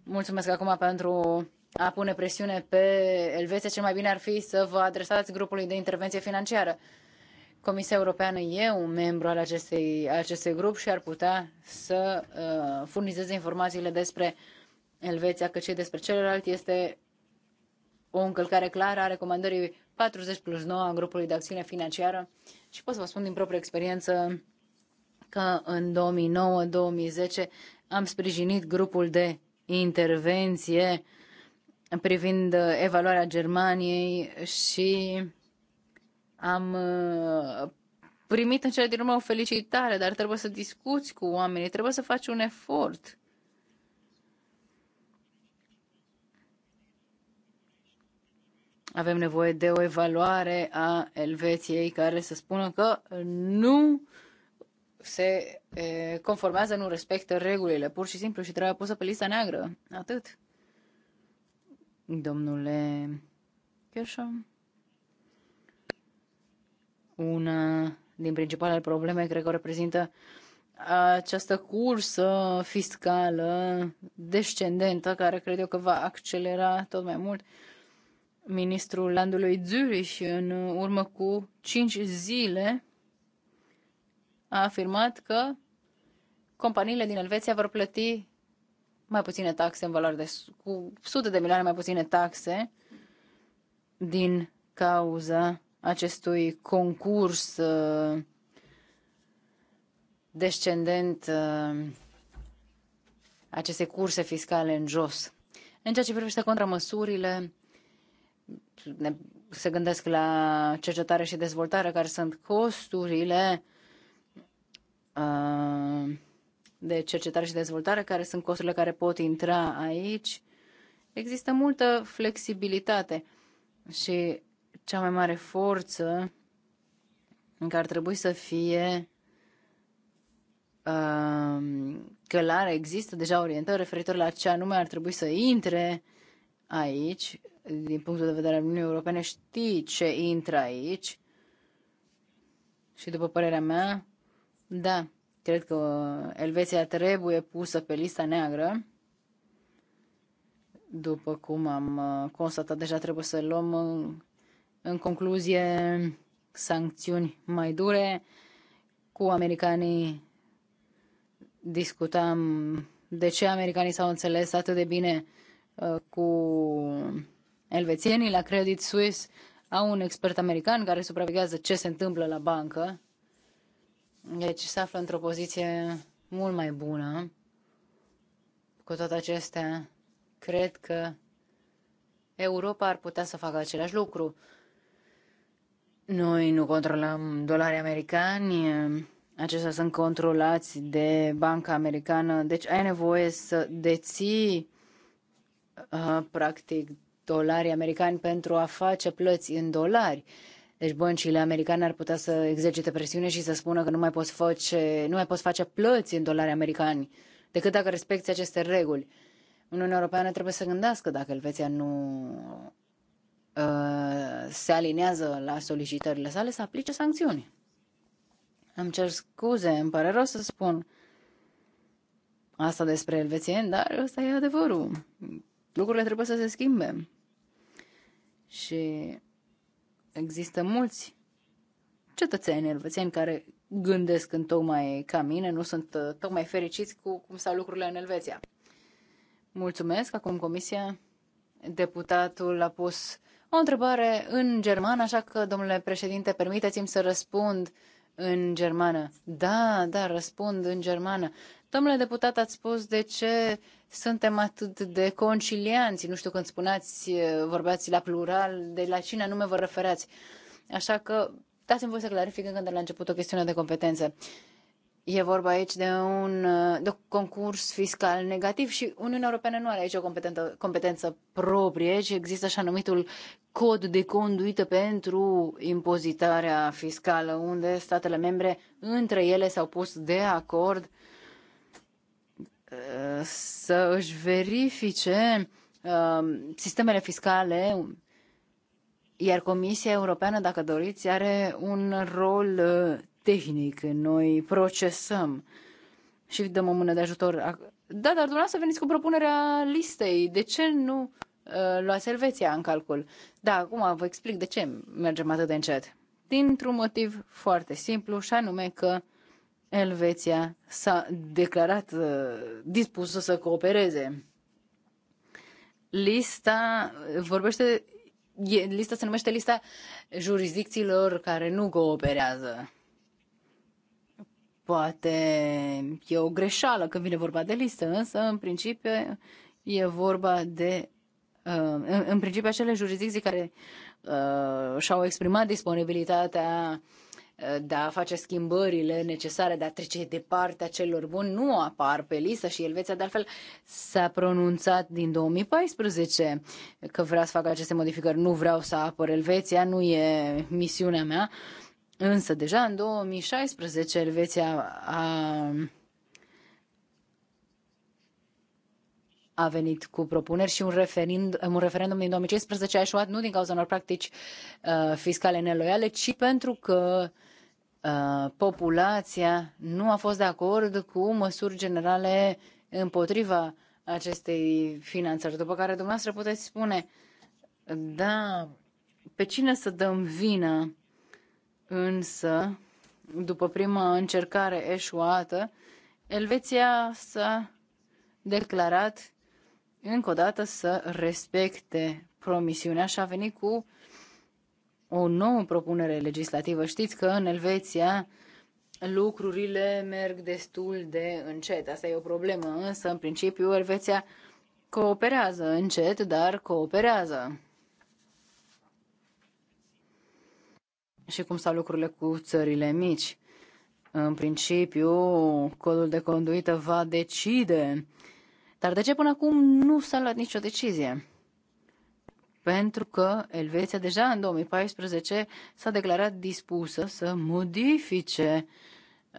Mulțumesc acum pentru a pune presiune pe Elveția. Cel mai bine ar fi să vă adresați grupului de intervenție financiară. Comisia Europeană e un membru al acestei, acestui grup și ar putea să uh, furnizeze informațiile despre Elveția, cât și despre celălalt. Este o încălcare clară a recomandării 40 plus 9 a grupului de acțiune financiară și pot să vă spun din proprie experiență că în 2009-2010 am sprijinit grupul de intervenție privind evaluarea Germaniei și am uh, primit în cele din urmă o felicitare, dar trebuie să discuți cu oamenii, trebuie să faci un efort. Avem nevoie de o evaluare a Elveției care să spună că nu se conformează, nu respectă regulile, pur și simplu, și trebuie pusă pe lista neagră. Atât. Domnule Kershaw. Una din principalele probleme cred că o reprezintă această cursă fiscală descendentă care cred eu că va accelera tot mai mult. Ministrul landului Zurich în urmă cu 5 zile a afirmat că companiile din Elveția vor plăti mai puține taxe în valoare de cu sute de milioane mai puține taxe din cauza acestui concurs uh, descendent uh, aceste curse fiscale în jos. În ceea ce privește contramăsurile, ne, se gândesc la cercetare și dezvoltare, care sunt costurile uh, de cercetare și dezvoltare, care sunt costurile care pot intra aici. Există multă flexibilitate și cea mai mare forță în care ar trebui să fie uh, um, călare, există deja orientări referitor la ce anume ar trebui să intre aici, din punctul de vedere al Uniunii Europene, știi ce intră aici. Și după părerea mea, da, cred că Elveția trebuie pusă pe lista neagră. După cum am uh, constatat deja, trebuie să luăm în concluzie, sancțiuni mai dure. Cu americanii discutam de ce americanii s-au înțeles atât de bine uh, cu elvețienii. La Credit Suisse au un expert american care supraveghează ce se întâmplă la bancă. Deci se află într-o poziție mult mai bună. Cu toate acestea, cred că Europa ar putea să facă același lucru. Noi nu controlăm dolari americani, acestea sunt controlați de banca americană, deci ai nevoie să deții uh, practic dolari americani pentru a face plăți în dolari. Deci băncile americane ar putea să exercite presiune și să spună că nu mai poți face, nu mai poți face plăți în dolari americani decât dacă respecti aceste reguli. Uniunea Europeană trebuie să gândească dacă Elveția nu Uh, se alinează la solicitările sale, să aplice sancțiuni. Îmi cer scuze, îmi pare rău să spun asta despre elvețieni, dar ăsta e adevărul. Lucrurile trebuie să se schimbe. Și există mulți cetățeni elvețieni care gândesc în tocmai ca mine, nu sunt uh, tocmai fericiți cu cum stau lucrurile în Elveția. Mulțumesc. Acum comisia, deputatul a pus o întrebare în germană, așa că, domnule președinte, permiteți-mi să răspund în germană. Da, da, răspund în germană. Domnule deputat, ați spus de ce suntem atât de concilianți. Nu știu când spuneați, vorbeați la plural, de la cine anume vă referați. Așa că dați-mi voi să clarific încă de la început o chestiune de competență. E vorba aici de un de concurs fiscal negativ și Uniunea Europeană nu are aici o competență, competență proprie, ci există așa numitul cod de conduită pentru impozitarea fiscală, unde statele membre între ele s-au pus de acord uh, să își verifice uh, sistemele fiscale, iar Comisia Europeană, dacă doriți, are un rol uh, tehnic, noi procesăm și dăm o mână de ajutor. Da, dar dumneavoastră veniți cu propunerea listei. De ce nu uh, luați Elveția în calcul? Da, acum vă explic de ce mergem atât de încet. Dintr-un motiv foarte simplu și anume că Elveția s-a declarat uh, dispusă să coopereze. Lista vorbește, lista se numește lista jurisdicțiilor care nu cooperează. Poate e o greșeală când vine vorba de listă, însă în principiu e vorba de uh, în principiu acele jurisdicții care uh, și-au exprimat disponibilitatea uh, de a face schimbările necesare, de a trece de partea celor buni, nu apar pe listă și Elveția, de altfel, s-a pronunțat din 2014 că vrea să facă aceste modificări. Nu vreau să apăr Elveția, nu e misiunea mea. Uh, Însă deja în 2016 Elveția a, a venit cu propuneri și un, referind, un referendum din 2015 a eșuat nu din cauza unor practici uh, fiscale neloiale, ci pentru că uh, populația nu a fost de acord cu măsuri generale împotriva acestei finanțări. După care dumneavoastră puteți spune, da, pe cine să dăm vină? Însă, după prima încercare eșuată, Elveția s-a declarat încă o dată să respecte promisiunea și a venit cu o nouă propunere legislativă. Știți că în Elveția lucrurile merg destul de încet. Asta e o problemă, însă în principiu Elveția cooperează încet, dar cooperează. și cum stau lucrurile cu țările mici. În principiu, codul de conduită va decide. Dar de ce până acum nu s-a luat nicio decizie? Pentru că Elveția deja în 2014 s-a declarat dispusă să modifice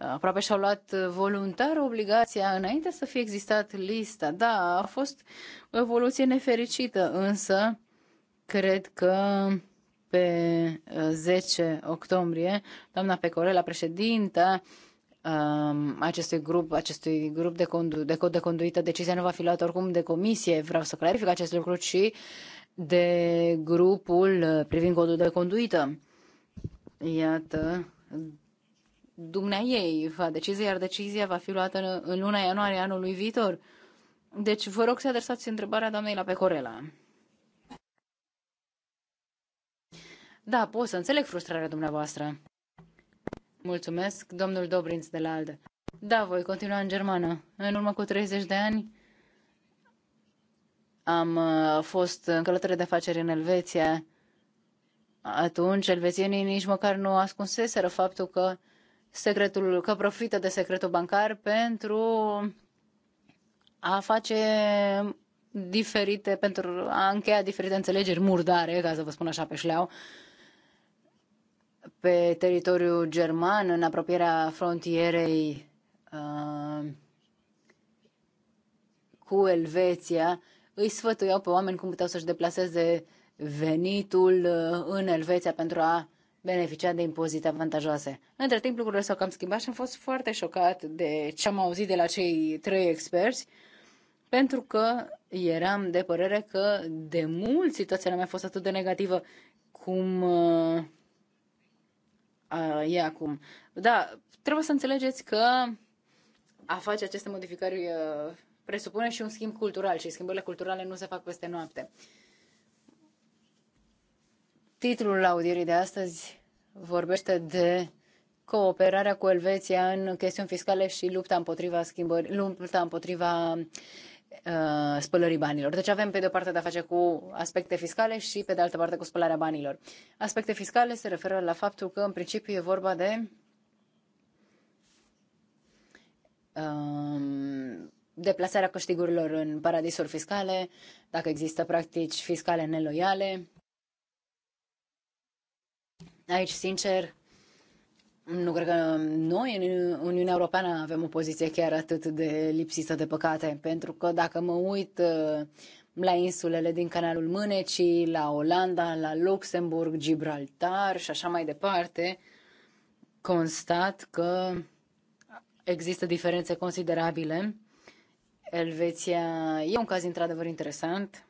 aproape și-au luat voluntar obligația înainte să fie existat lista. Da, a fost o evoluție nefericită, însă cred că pe 10 uh, octombrie, doamna Pecorela, președintă um, acestui grup, acestui grup de, condu- de cod de conduită, decizia nu va fi luată oricum de comisie, vreau să clarific acest lucru, și de grupul uh, privind codul de conduită. Iată, dumnea ei va decizia iar decizia va fi luată în, în luna ianuarie anului viitor. Deci vă rog să adresați întrebarea doamnei la Pecorela. Da, pot să înțeleg frustrarea dumneavoastră. Mulțumesc, domnul Dobrinț de la ALDE. Da, voi continua în germană. În urmă cu 30 de ani am uh, fost în călătorie de afaceri în Elveția. Atunci elvețienii nici măcar nu ascunseseră faptul că secretul, că profită de secretul bancar pentru a face diferite, pentru a încheia diferite înțelegeri murdare, ca să vă spun așa pe șleau, uh, pe teritoriul german, în apropierea frontierei uh, cu Elveția, îi sfătuiau pe oameni cum puteau să-și deplaseze venitul uh, în Elveția pentru a beneficia de impozite avantajoase. Între timp, lucrurile s-au cam schimbat și am fost foarte șocat de ce am auzit de la cei trei experți, pentru că eram de părere că de mult situația nu a mai fost atât de negativă cum uh, uh, e acum. Da, trebuie să înțelegeți că a face aceste modificări uh, presupune și un schimb cultural și schimbările culturale nu se fac peste noapte. Titlul audierii de astăzi vorbește de cooperarea cu Elveția în chestiuni fiscale și lupta împotriva schimbări, lupta împotriva Uh, spălării banilor. Deci avem pe de o parte de a face cu aspecte fiscale și pe de altă parte cu spălarea banilor. Aspecte fiscale se referă la faptul că în principiu e vorba de um, deplasarea câștigurilor în paradisuri fiscale, dacă există practici fiscale neloiale. Aici, sincer, nu cred că noi în Uniunea Europeană avem o poziție chiar atât de lipsită de păcate, pentru că dacă mă uit uh, la insulele din Canalul Mânecii, la Olanda, la Luxemburg, Gibraltar și așa mai departe, constat că există diferențe considerabile. Elveția e un caz într-adevăr interesant.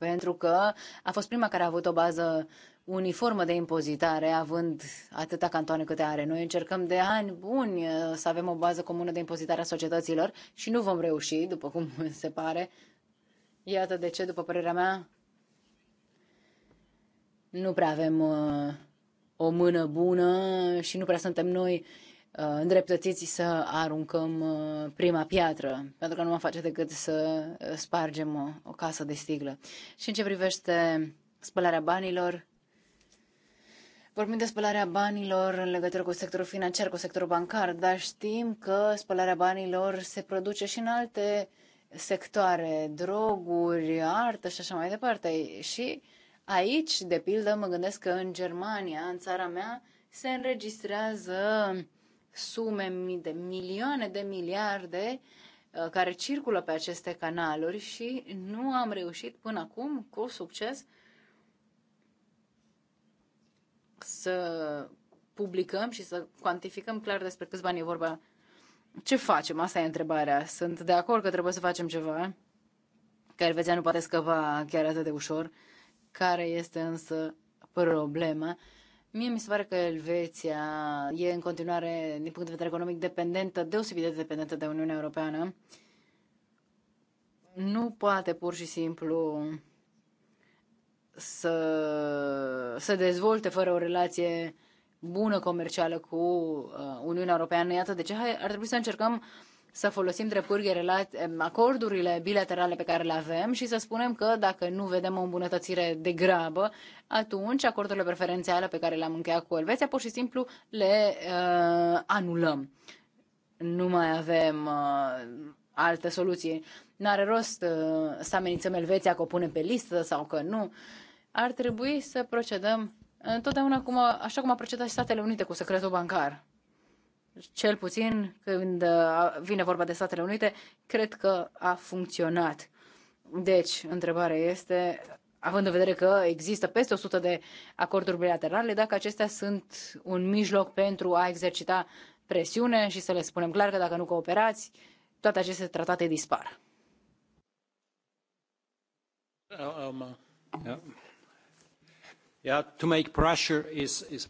pentru că a fost prima care a avut o bază uniformă de impozitare, având atâta cantoane câte are. Noi încercăm de ani buni uh, să avem o bază comună de impozitare a societăților și nu vom reuși, după cum se pare. Iată de ce, după părerea mea, nu prea avem uh, o mână bună și nu prea suntem noi Uh, îndreptățiți să aruncăm uh, prima piatră, pentru că nu am face decât să uh, spargem o, o casă de sticlă. Și în ce privește spălarea banilor, vorbim de spălarea banilor în legătură cu sectorul financiar, cu sectorul bancar, dar știm că spălarea banilor se produce și în alte sectoare, droguri, artă și așa mai departe. Și aici, de pildă, mă gândesc că în Germania, în țara mea, se înregistrează sume de milioane de miliarde uh, care circulă pe aceste canaluri și nu am reușit până acum cu succes să publicăm și să cuantificăm clar despre câți bani e vorba. Ce facem? Asta e întrebarea. Sunt de acord că trebuie să facem ceva, că Elveția nu poate scăpa chiar atât de ușor, care este însă problema Mie mi se pare că Elveția e în continuare, din punct de vedere economic, dependentă, deosebit de dependentă de Uniunea Europeană. Nu poate pur și simplu să se dezvolte fără o relație bună comercială cu uh, Uniunea Europeană. Iată de ce hai, ar trebui să încercăm să folosim drept pârghie acordurile bilaterale pe care le avem și să spunem că dacă nu vedem o îmbunătățire de grabă, atunci acordurile preferențiale pe care le-am încheiat cu Elveția pur și simplu le uh, anulăm. Nu mai avem uh, alte soluții. N-are rost uh, să amenințăm Elveția că o punem pe listă sau că nu. Ar trebui să procedăm întotdeauna cum a, așa cum a procedat și Statele Unite cu secretul bancar cel puțin când uh, vine vorba de Statele Unite, cred că a funcționat. Deci, întrebarea este, având în vedere că există peste 100 de acorduri bilaterale, dacă acestea sunt un mijloc pentru a exercita presiune și să le spunem clar că dacă nu cooperați, toate aceste tratate dispar. Uh, um, uh, yeah. yeah, to make pressure is, is...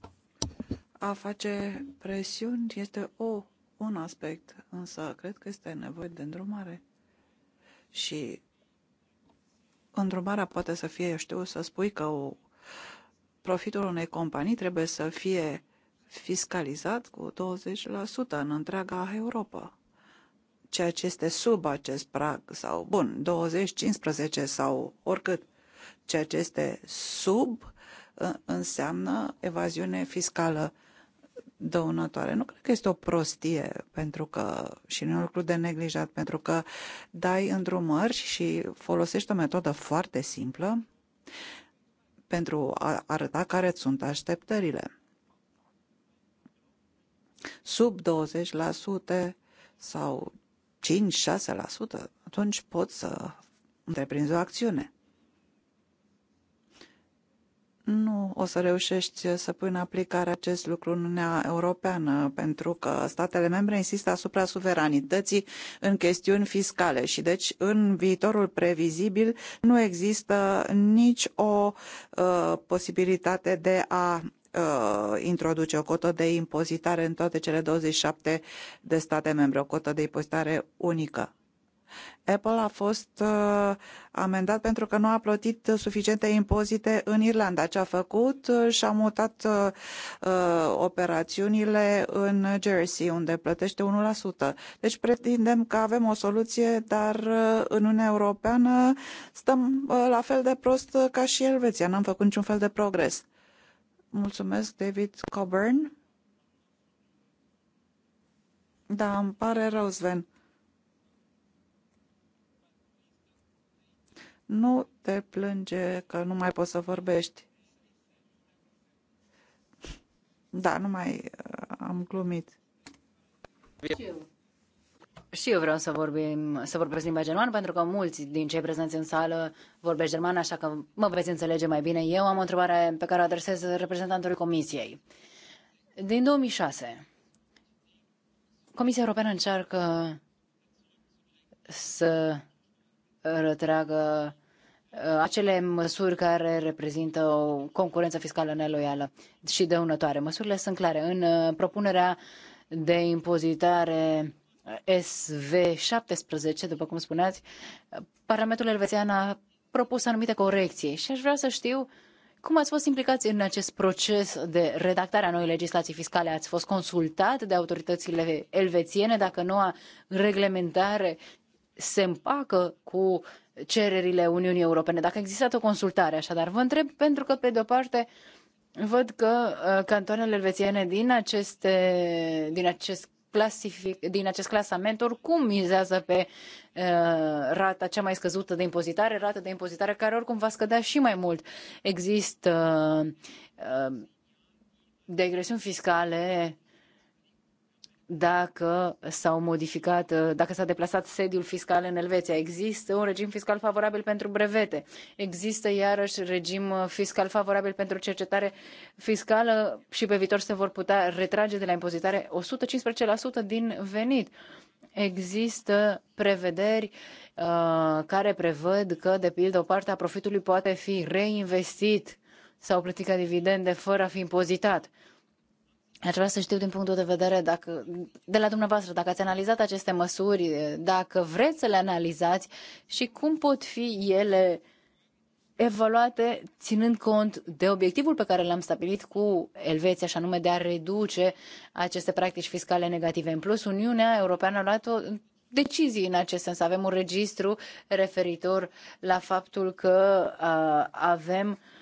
A face presiuni este o, un aspect, însă cred că este nevoie de îndrumare. Și îndrumarea poate să fie, eu știu, să spui că o, profitul unei companii trebuie să fie fiscalizat cu 20% în întreaga Europa. Ceea ce este sub acest prag, sau bun, 20, 15 sau oricât, ceea ce este sub uh, înseamnă evaziune fiscală dăunătoare. Nu cred că este o prostie pentru că și nu e un lucru de neglijat, pentru că dai îndrumări și folosești o metodă foarte simplă pentru a arăta care sunt așteptările. Sub 20% sau 5-6%, atunci poți să întreprinzi o acțiune nu o să reușești să pui în aplicare acest lucru în Uniunea Europeană, pentru că statele membre insistă asupra suveranității în chestiuni fiscale și deci în viitorul previzibil nu există nici o uh, posibilitate de a uh, introduce o cotă de impozitare în toate cele 27 de state membre, o cotă de impozitare unică. Apple a fost uh, amendat pentru că nu a plătit suficiente impozite în Irlanda. Ce a făcut? Și-a mutat uh, uh operațiunile în Jersey, unde plătește 1%. Deci pretindem că avem o soluție, dar uh, în Uniunea Europeană stăm uh, la fel de prost uh, ca și Elveția. N-am făcut niciun fel de progres. Mulțumesc, David Coburn. Da, îmi pare rău, Sven. Nu te plânge că nu mai poți să vorbești. Da, nu mai uh, am glumit. Și eu, și eu vreau să, vorbim, să vorbesc limba germană, pentru că mulți din cei prezenți în sală vorbesc germană, așa că mă veți înțelege mai bine. Eu am o întrebare pe care o adresez reprezentantului Comisiei. Din 2006, Comisia Europeană încearcă să retragă Uh, acele măsuri care reprezintă o concurență fiscală neloială și dăunătoare. Măsurile sunt clare. În uh, propunerea de impozitare SV17, după cum spuneați, Parlamentul Elvețian a propus anumite corecții și aș vrea să știu cum ați fost implicați în acest proces de redactare a noii legislații fiscale? Ați fost consultat de autoritățile elvețiene dacă noua reglementare se împacă cu cererile Uniunii Europene, dacă a existat o consultare așadar. Vă întreb pentru că, pe de-o parte, văd că uh, cantoanele elvețiene din, aceste, din acest clasific, din acest clasament oricum mizează pe uh, rata cea mai scăzută de impozitare, rata de impozitare care oricum va scădea și mai mult. Există uh, uh, degresiuni fiscale dacă s-au modificat, uh, dacă s-a deplasat sediul fiscal în Elveția. Există un regim fiscal favorabil pentru brevete. Există iarăși regim uh, fiscal favorabil pentru cercetare fiscală și pe viitor se vor putea retrage de la impozitare 115% din venit. Există prevederi uh, care prevăd că, de pildă, o parte a profitului poate fi reinvestit sau plătit ca dividende fără a fi impozitat Aș vrea să știu din punctul de vedere dacă, de la dumneavoastră dacă ați analizat aceste măsuri, dacă vreți să le analizați și cum pot fi ele evaluate ținând cont de obiectivul pe care l-am stabilit cu Elveția, și anume de a reduce aceste practici fiscale negative. În plus, Uniunea Europeană a luat o decizii în acest sens. Avem un registru referitor la faptul că uh, avem uh,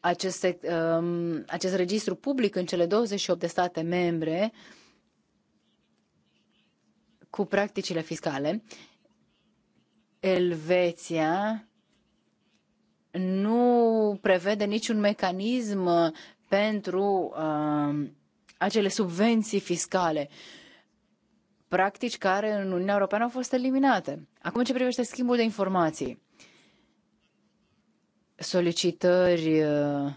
aceste, um, acest registru public în cele 28 de state membre cu practicile fiscale, Elveția nu prevede niciun mecanism pentru uh, acele subvenții fiscale, practici care în Uniunea Europeană au fost eliminate. Acum ce privește schimbul de informații solicitări uh,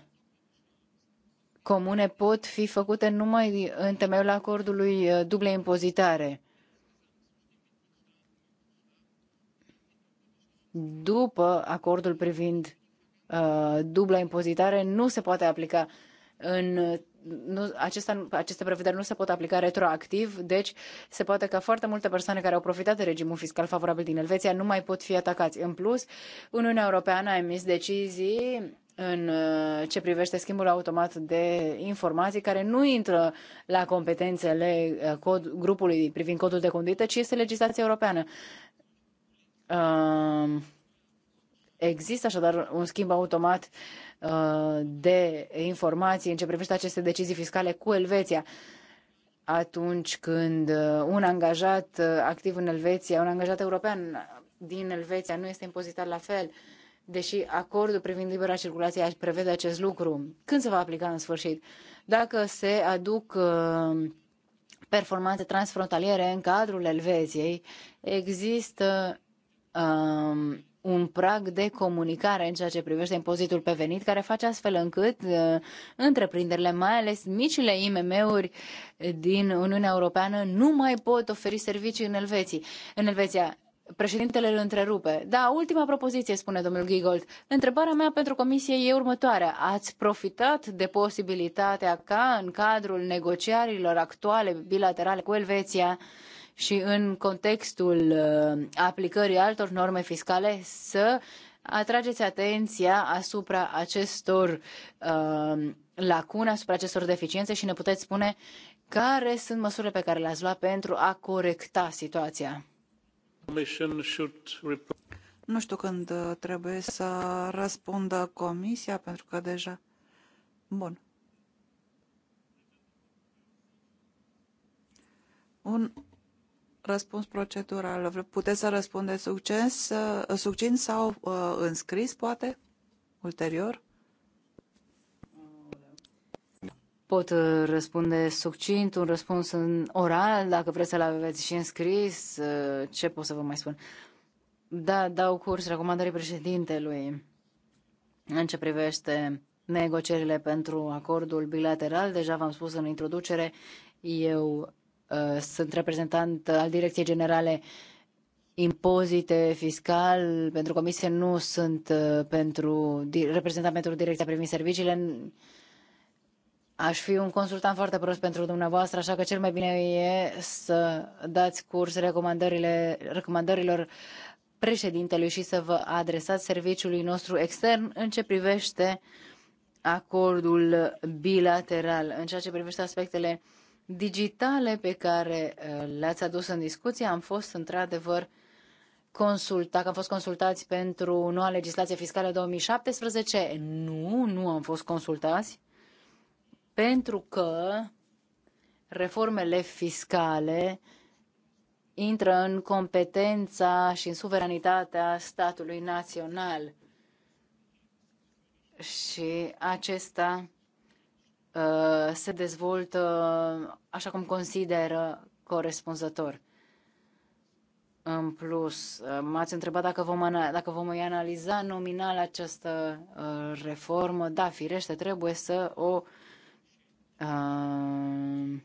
comune pot fi făcute numai în temeiul acordului uh, duble impozitare. După acordul privind uh, dubla impozitare, nu se poate aplica în nu, acesta, aceste prevederi nu se pot aplica retroactiv, deci se poate ca foarte multe persoane care au profitat de regimul fiscal favorabil din Elveția nu mai pot fi atacați. În plus, Uniunea Europeană a emis decizii în uh, ce privește schimbul automat de informații care nu intră la competențele uh, cod, grupului privind codul de conduită, ci este legislația europeană. Uh, Există așadar un schimb automat uh, de informații în ce privește aceste decizii fiscale cu Elveția atunci când uh, un angajat uh, activ în Elveția, un angajat european din Elveția nu este impozitat la fel, deși acordul privind libera circulație prevede acest lucru. Când se va aplica în sfârșit? Dacă se aduc performanțe transfrontaliere în cadrul Elveției, există un prag de comunicare în ceea ce privește impozitul pe venit, care face astfel încât uh, întreprinderile, mai ales micile IMM-uri din Uniunea Europeană, nu mai pot oferi servicii în, Elveții. în Elveția. Președintele îl întrerupe. Da, ultima propoziție, spune domnul Giegold. Întrebarea mea pentru comisie e următoarea. Ați profitat de posibilitatea ca în cadrul negociarilor actuale bilaterale cu Elveția și în contextul uh, aplicării altor norme fiscale să atrageți atenția asupra acestor uh, lacune, asupra acestor deficiențe și ne puteți spune care sunt măsurile pe care le-ați luat pentru a corecta situația. Nu știu când uh, trebuie să răspundă comisia, pentru că deja... Bun. Un răspuns procedural. Puteți să răspundeți succes, uh, succint sau uh, înscris, poate, ulterior? Pot uh, răspunde succint, un răspuns în oral, dacă vreți să-l aveți și înscris, ce pot să vă mai spun? Da, dau curs recomandării președintelui în ce privește negocierile pentru acordul bilateral. Deja v-am spus în introducere, eu Uh, sunt reprezentant al Direcției Generale impozite fiscal pentru comisie nu sunt uh, pentru reprezentant pentru direcția privind serviciile. Aș fi un consultant foarte prost pentru dumneavoastră, așa că cel mai bine e să dați curs recomandările, recomandărilor președintelui și să vă adresați serviciului nostru extern în ce privește acordul bilateral, în ceea ce privește aspectele uh, digitale pe care uh, le-ați adus în discuție. Am fost într-adevăr consultați, am fost consultați pentru noua legislație fiscală 2017. Nu, nu am fost consultați pentru că reformele fiscale intră în competența și în suveranitatea statului național. Și acesta Uh, se dezvoltă așa cum consideră corespunzător. În plus, uh, m-ați întrebat dacă vom, dacă vom analiza nominal această uh, reformă. Da, firește, trebuie să o uh,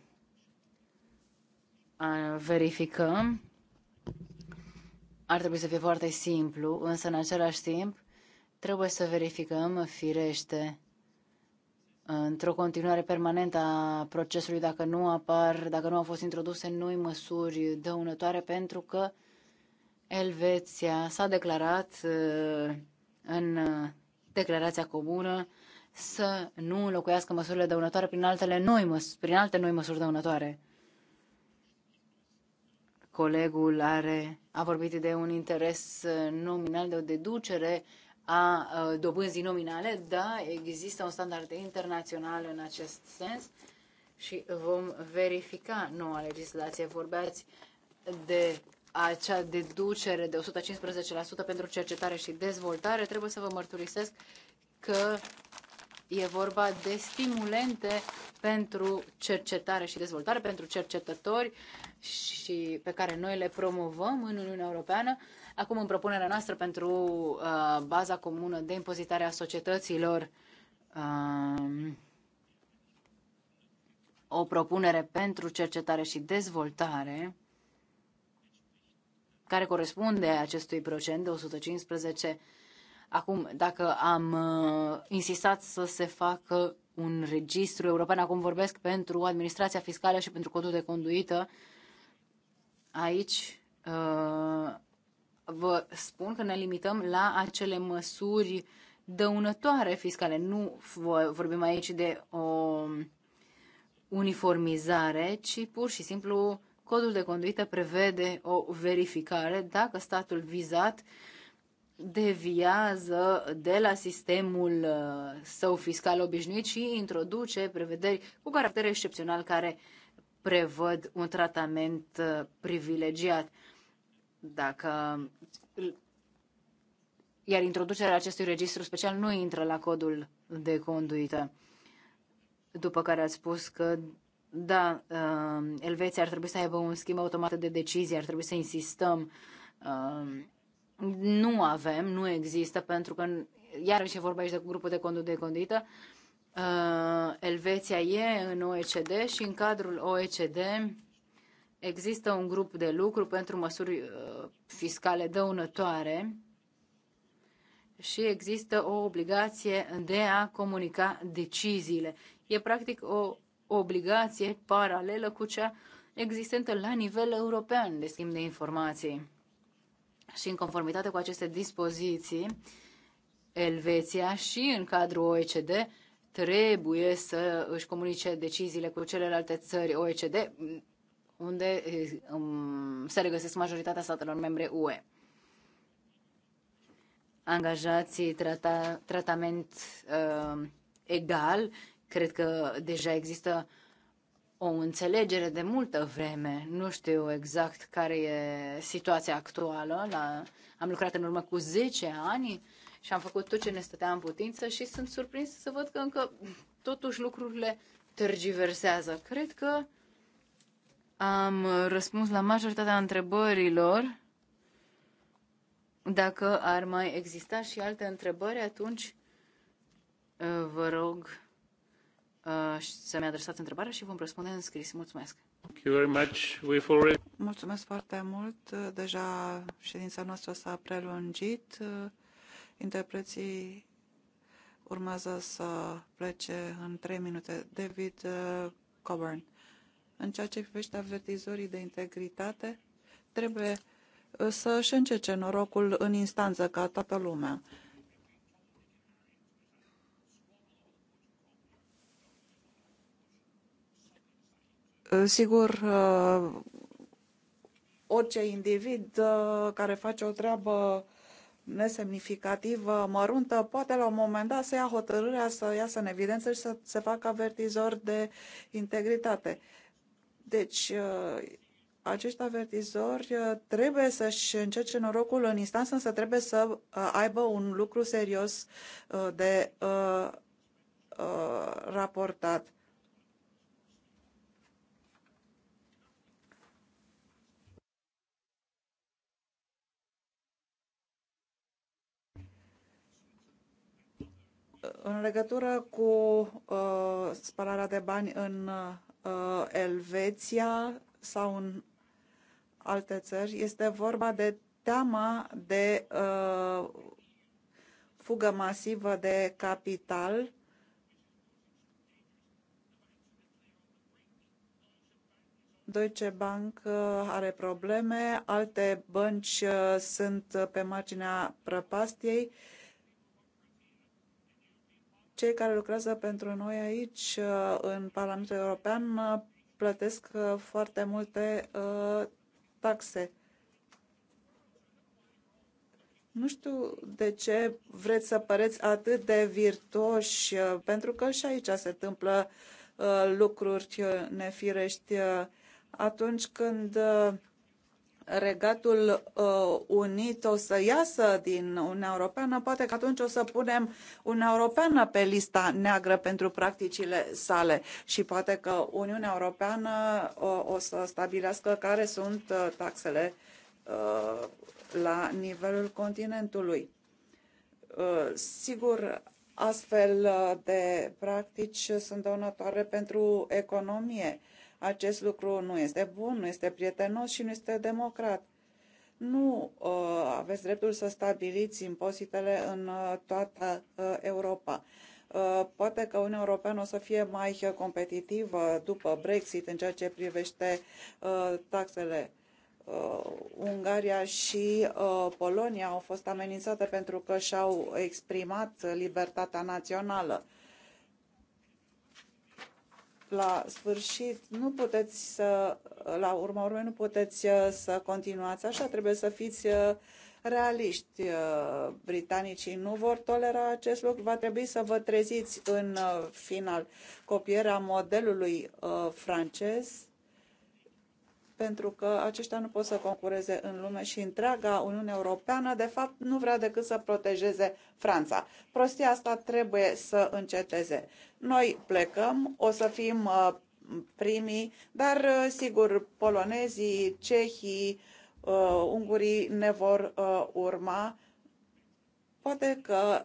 verificăm. Ar trebui să fie foarte simplu, însă în același timp trebuie să verificăm, firește, într-o continuare permanentă a procesului dacă nu apar, dacă nu au fost introduse noi măsuri dăunătoare pentru că Elveția s-a declarat uh, în uh, declarația comună să nu înlocuiască măsurile dăunătoare prin, altele noi, măs- prin alte noi măsuri dăunătoare. Colegul are, a vorbit de un interes uh, nominal, de o deducere a dobânzii nominale, da, există un standard internațional în acest sens și vom verifica noua legislație. Vorbeați de acea deducere de 115% pentru cercetare și dezvoltare. Trebuie să vă mărturisesc că e vorba de stimulente pentru cercetare și dezvoltare, pentru cercetători și pe care noi le promovăm în Uniunea Europeană. Acum, în propunerea noastră pentru uh, baza comună de impozitare a societăților, uh, o propunere pentru cercetare și dezvoltare care corespunde acestui procent de 115. Acum, dacă am uh, insistat să se facă un registru european, acum vorbesc pentru administrația fiscală și pentru codul de conduită, aici uh, vă spun că ne limităm la acele măsuri dăunătoare fiscale. Nu vorbim aici de o uniformizare, ci pur și simplu codul de conduită prevede o verificare dacă statul vizat deviază de la sistemul uh, său fiscal obișnuit și introduce prevederi cu caracter excepțional care prevăd un tratament uh, privilegiat. Dacă iar introducerea acestui registru special nu intră la codul de conduită. După care ați spus că, da, uh, Elveția ar trebui să aibă un schimb automat de decizii, ar trebui să insistăm. Uh, nu avem, nu există, pentru că, iarăși e vorba aici de grupul de conduită de conduită, uh, Elveția e în OECD și în cadrul OECD Există un grup de lucru pentru măsuri uh, fiscale dăunătoare și există o obligație de a comunica deciziile. E practic o obligație paralelă cu cea existentă la nivel european de schimb de informații. Și în conformitate cu aceste dispoziții, Elveția și în cadrul OECD trebuie să își comunice deciziile cu celelalte țări OECD unde um, se regăsesc majoritatea statelor membre UE. Angajații, trata, tratament uh, egal, cred că deja există o înțelegere de multă vreme. Nu știu exact care e situația actuală. La, am lucrat în urmă cu 10 ani și am făcut tot ce ne stătea în putință și sunt surprins să văd că încă totuși lucrurile tergiversează. Cred că am răspuns la majoritatea întrebărilor. Dacă ar mai exista și alte întrebări, atunci uh, vă rog uh, să-mi adresați întrebarea și vom răspunde în scris. Mulțumesc! Mulțumesc foarte mult. Deja ședința noastră s-a prelungit. Interpreții urmează să plece în 3 minute. David uh, Coburn în ceea ce privește avertizorii de integritate, trebuie uh, să își încece norocul în instanță ca toată lumea. Uh, sigur, uh, orice individ care face o treabă nesemnificativă, măruntă, poate la un moment dat să ia hotărârea să iasă în evidență și să se facă avertizor de integritate. Deci, uh, acești avertizori uh, trebuie să-și încerce norocul în instanță, însă trebuie să uh, aibă un lucru serios de raportat. În legătură cu uh, spălarea de bani în uh, Elveția sau în alte țări. Este vorba de teama de uh, fugă masivă de capital Deutsche Bank uh, are probleme, alte bănci uh, sunt pe marginea prăpastiei. Cei care lucrează pentru noi aici, uh, în Parlamentul European, uh, plătesc uh, foarte multe taxe. Nu știu de ce vreți să păreți atât de virtuoși, pentru că și aici se întâmplă lucruri nefirești atunci când Regatul uh, Unit o să iasă din Uniunea Europeană, poate că atunci o să punem Uniunea Europeană pe lista neagră pentru practicile sale și poate că Uniunea Europeană o, uh, o să stabilească care sunt uh, taxele la nivelul continentului. Sigur, astfel de practici sunt dăunătoare pentru economie acest lucru nu este bun, nu este prietenos și nu este democrat. Nu uh, aveți dreptul să stabiliți impozitele în uh, toată uh, Europa. Uh, poate că Uniunea Europeană o să fie mai uh, competitivă după Brexit în ceea ce privește uh, taxele uh, Ungaria și uh, Polonia au fost amenințate pentru că și-au exprimat libertatea națională la sfârșit nu puteți să, la urma urmei, nu puteți uh, să continuați așa, trebuie să fiți uh, realiști. Uh, britanicii nu vor tolera acest lucru, va trebui să vă treziți în final. Copierea modelului francez pentru că aceștia nu pot să concureze în lume și întreaga Uniune Europeană, de fapt, nu vrea decât să protejeze Franța. Prostia asta trebuie să înceteze. Noi plecăm, o să fim uh, primii, dar, uh, sigur, polonezii, cehii, uh, ungurii ne vor urma. Poate că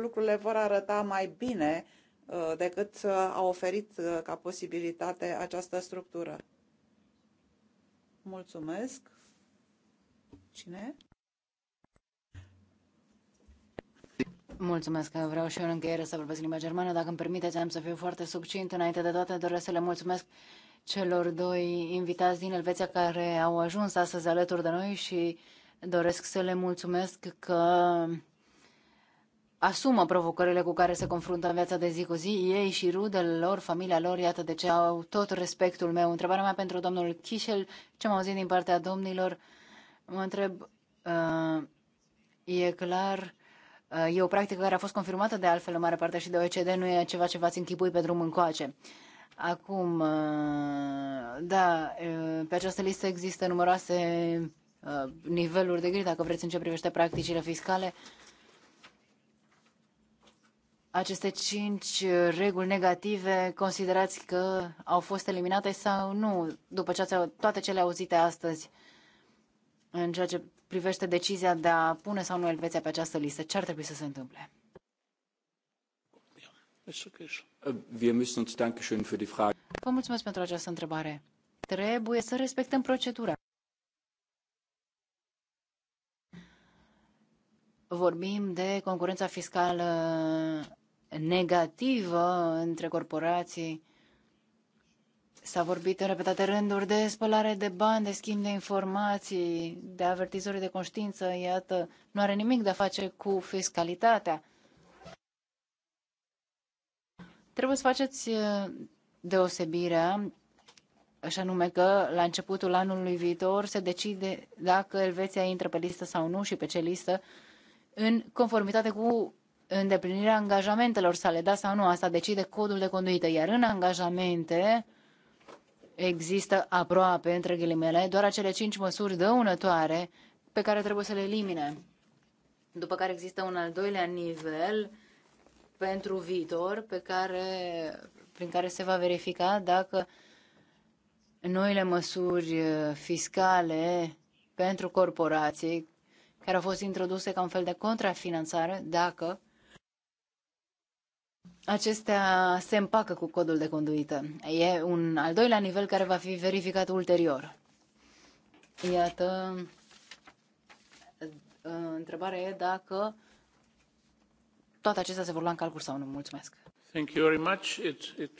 lucrurile vor arăta mai bine decât a oferit ca posibilitate această structură. Mulțumesc. Cine? Mulțumesc că vreau și eu în încheiere să vorbesc limba germană. Dacă îmi permiteți, am să fiu foarte succint. Înainte de toate, doresc să le mulțumesc celor doi invitați din Elveția care au ajuns astăzi alături de noi și doresc să le mulțumesc că asumă provocările cu care se confruntă în viața de zi cu zi, ei și rudele lor, familia lor, iată de ce au tot respectul meu. Întrebarea mea pentru domnul Chișel, ce am auzit din partea domnilor, mă întreb, uh, e clar, uh, e o practică care a fost confirmată de altfel în mare parte și de OECD, nu e ceva ce v-ați închipui pe drum încoace. Acum, uh, da, pe această listă există numeroase niveluri de gri, dacă vreți, în ce privește practicile fiscale. Uh, aceste cinci uh, reguli negative considerați că au fost eliminate sau nu, după ce ați, toate cele auzite astăzi în ceea ce privește decizia de a pune sau nu Elveția pe această listă? Ce ar trebui să se întâmple? Äh, Vă mulțumesc pentru această întrebare. Trebuie să respectăm procedura. Vorbim de concurența fiscală negativă între corporații. S-a vorbit în repetate rânduri de spălare de bani, de schimb de informații, de avertizori de conștiință. Iată, nu are nimic de a face cu fiscalitatea. Trebuie să faceți uh, deosebirea, așa nume că la începutul anului viitor se decide dacă Elveția intră pe listă sau nu și pe ce listă, în conformitate cu îndeplinirea angajamentelor sale, da sau nu, asta decide codul de conduită, iar în angajamente există aproape, între ghilimele, doar acele cinci măsuri dăunătoare pe care trebuie să le elimine. După care există un al doilea nivel pentru viitor pe care, prin care se va verifica dacă noile măsuri fiscale pentru corporații care au fost introduse ca un fel de contrafinanțare, dacă acestea se împacă cu codul de conduită. E un al doilea nivel care va fi verificat ulterior. Iată, uh, întrebarea e dacă toate acestea se vor lua în calcul sau nu. Mulțumesc. Thank you very much. It, it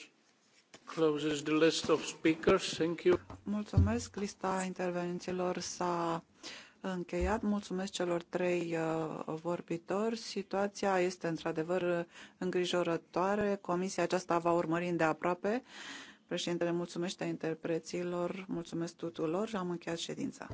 closes the list of speakers. Thank you. Mulțumesc. Lista intervențiilor s-a uh, încheiat. Mulțumesc celor trei uh, vorbitori. Situația este într-adevăr uh, îngrijorătoare. Comisia aceasta va urmări de aproape. Președintele mulțumește interpreților, mulțumesc tuturor și am încheiat ședința.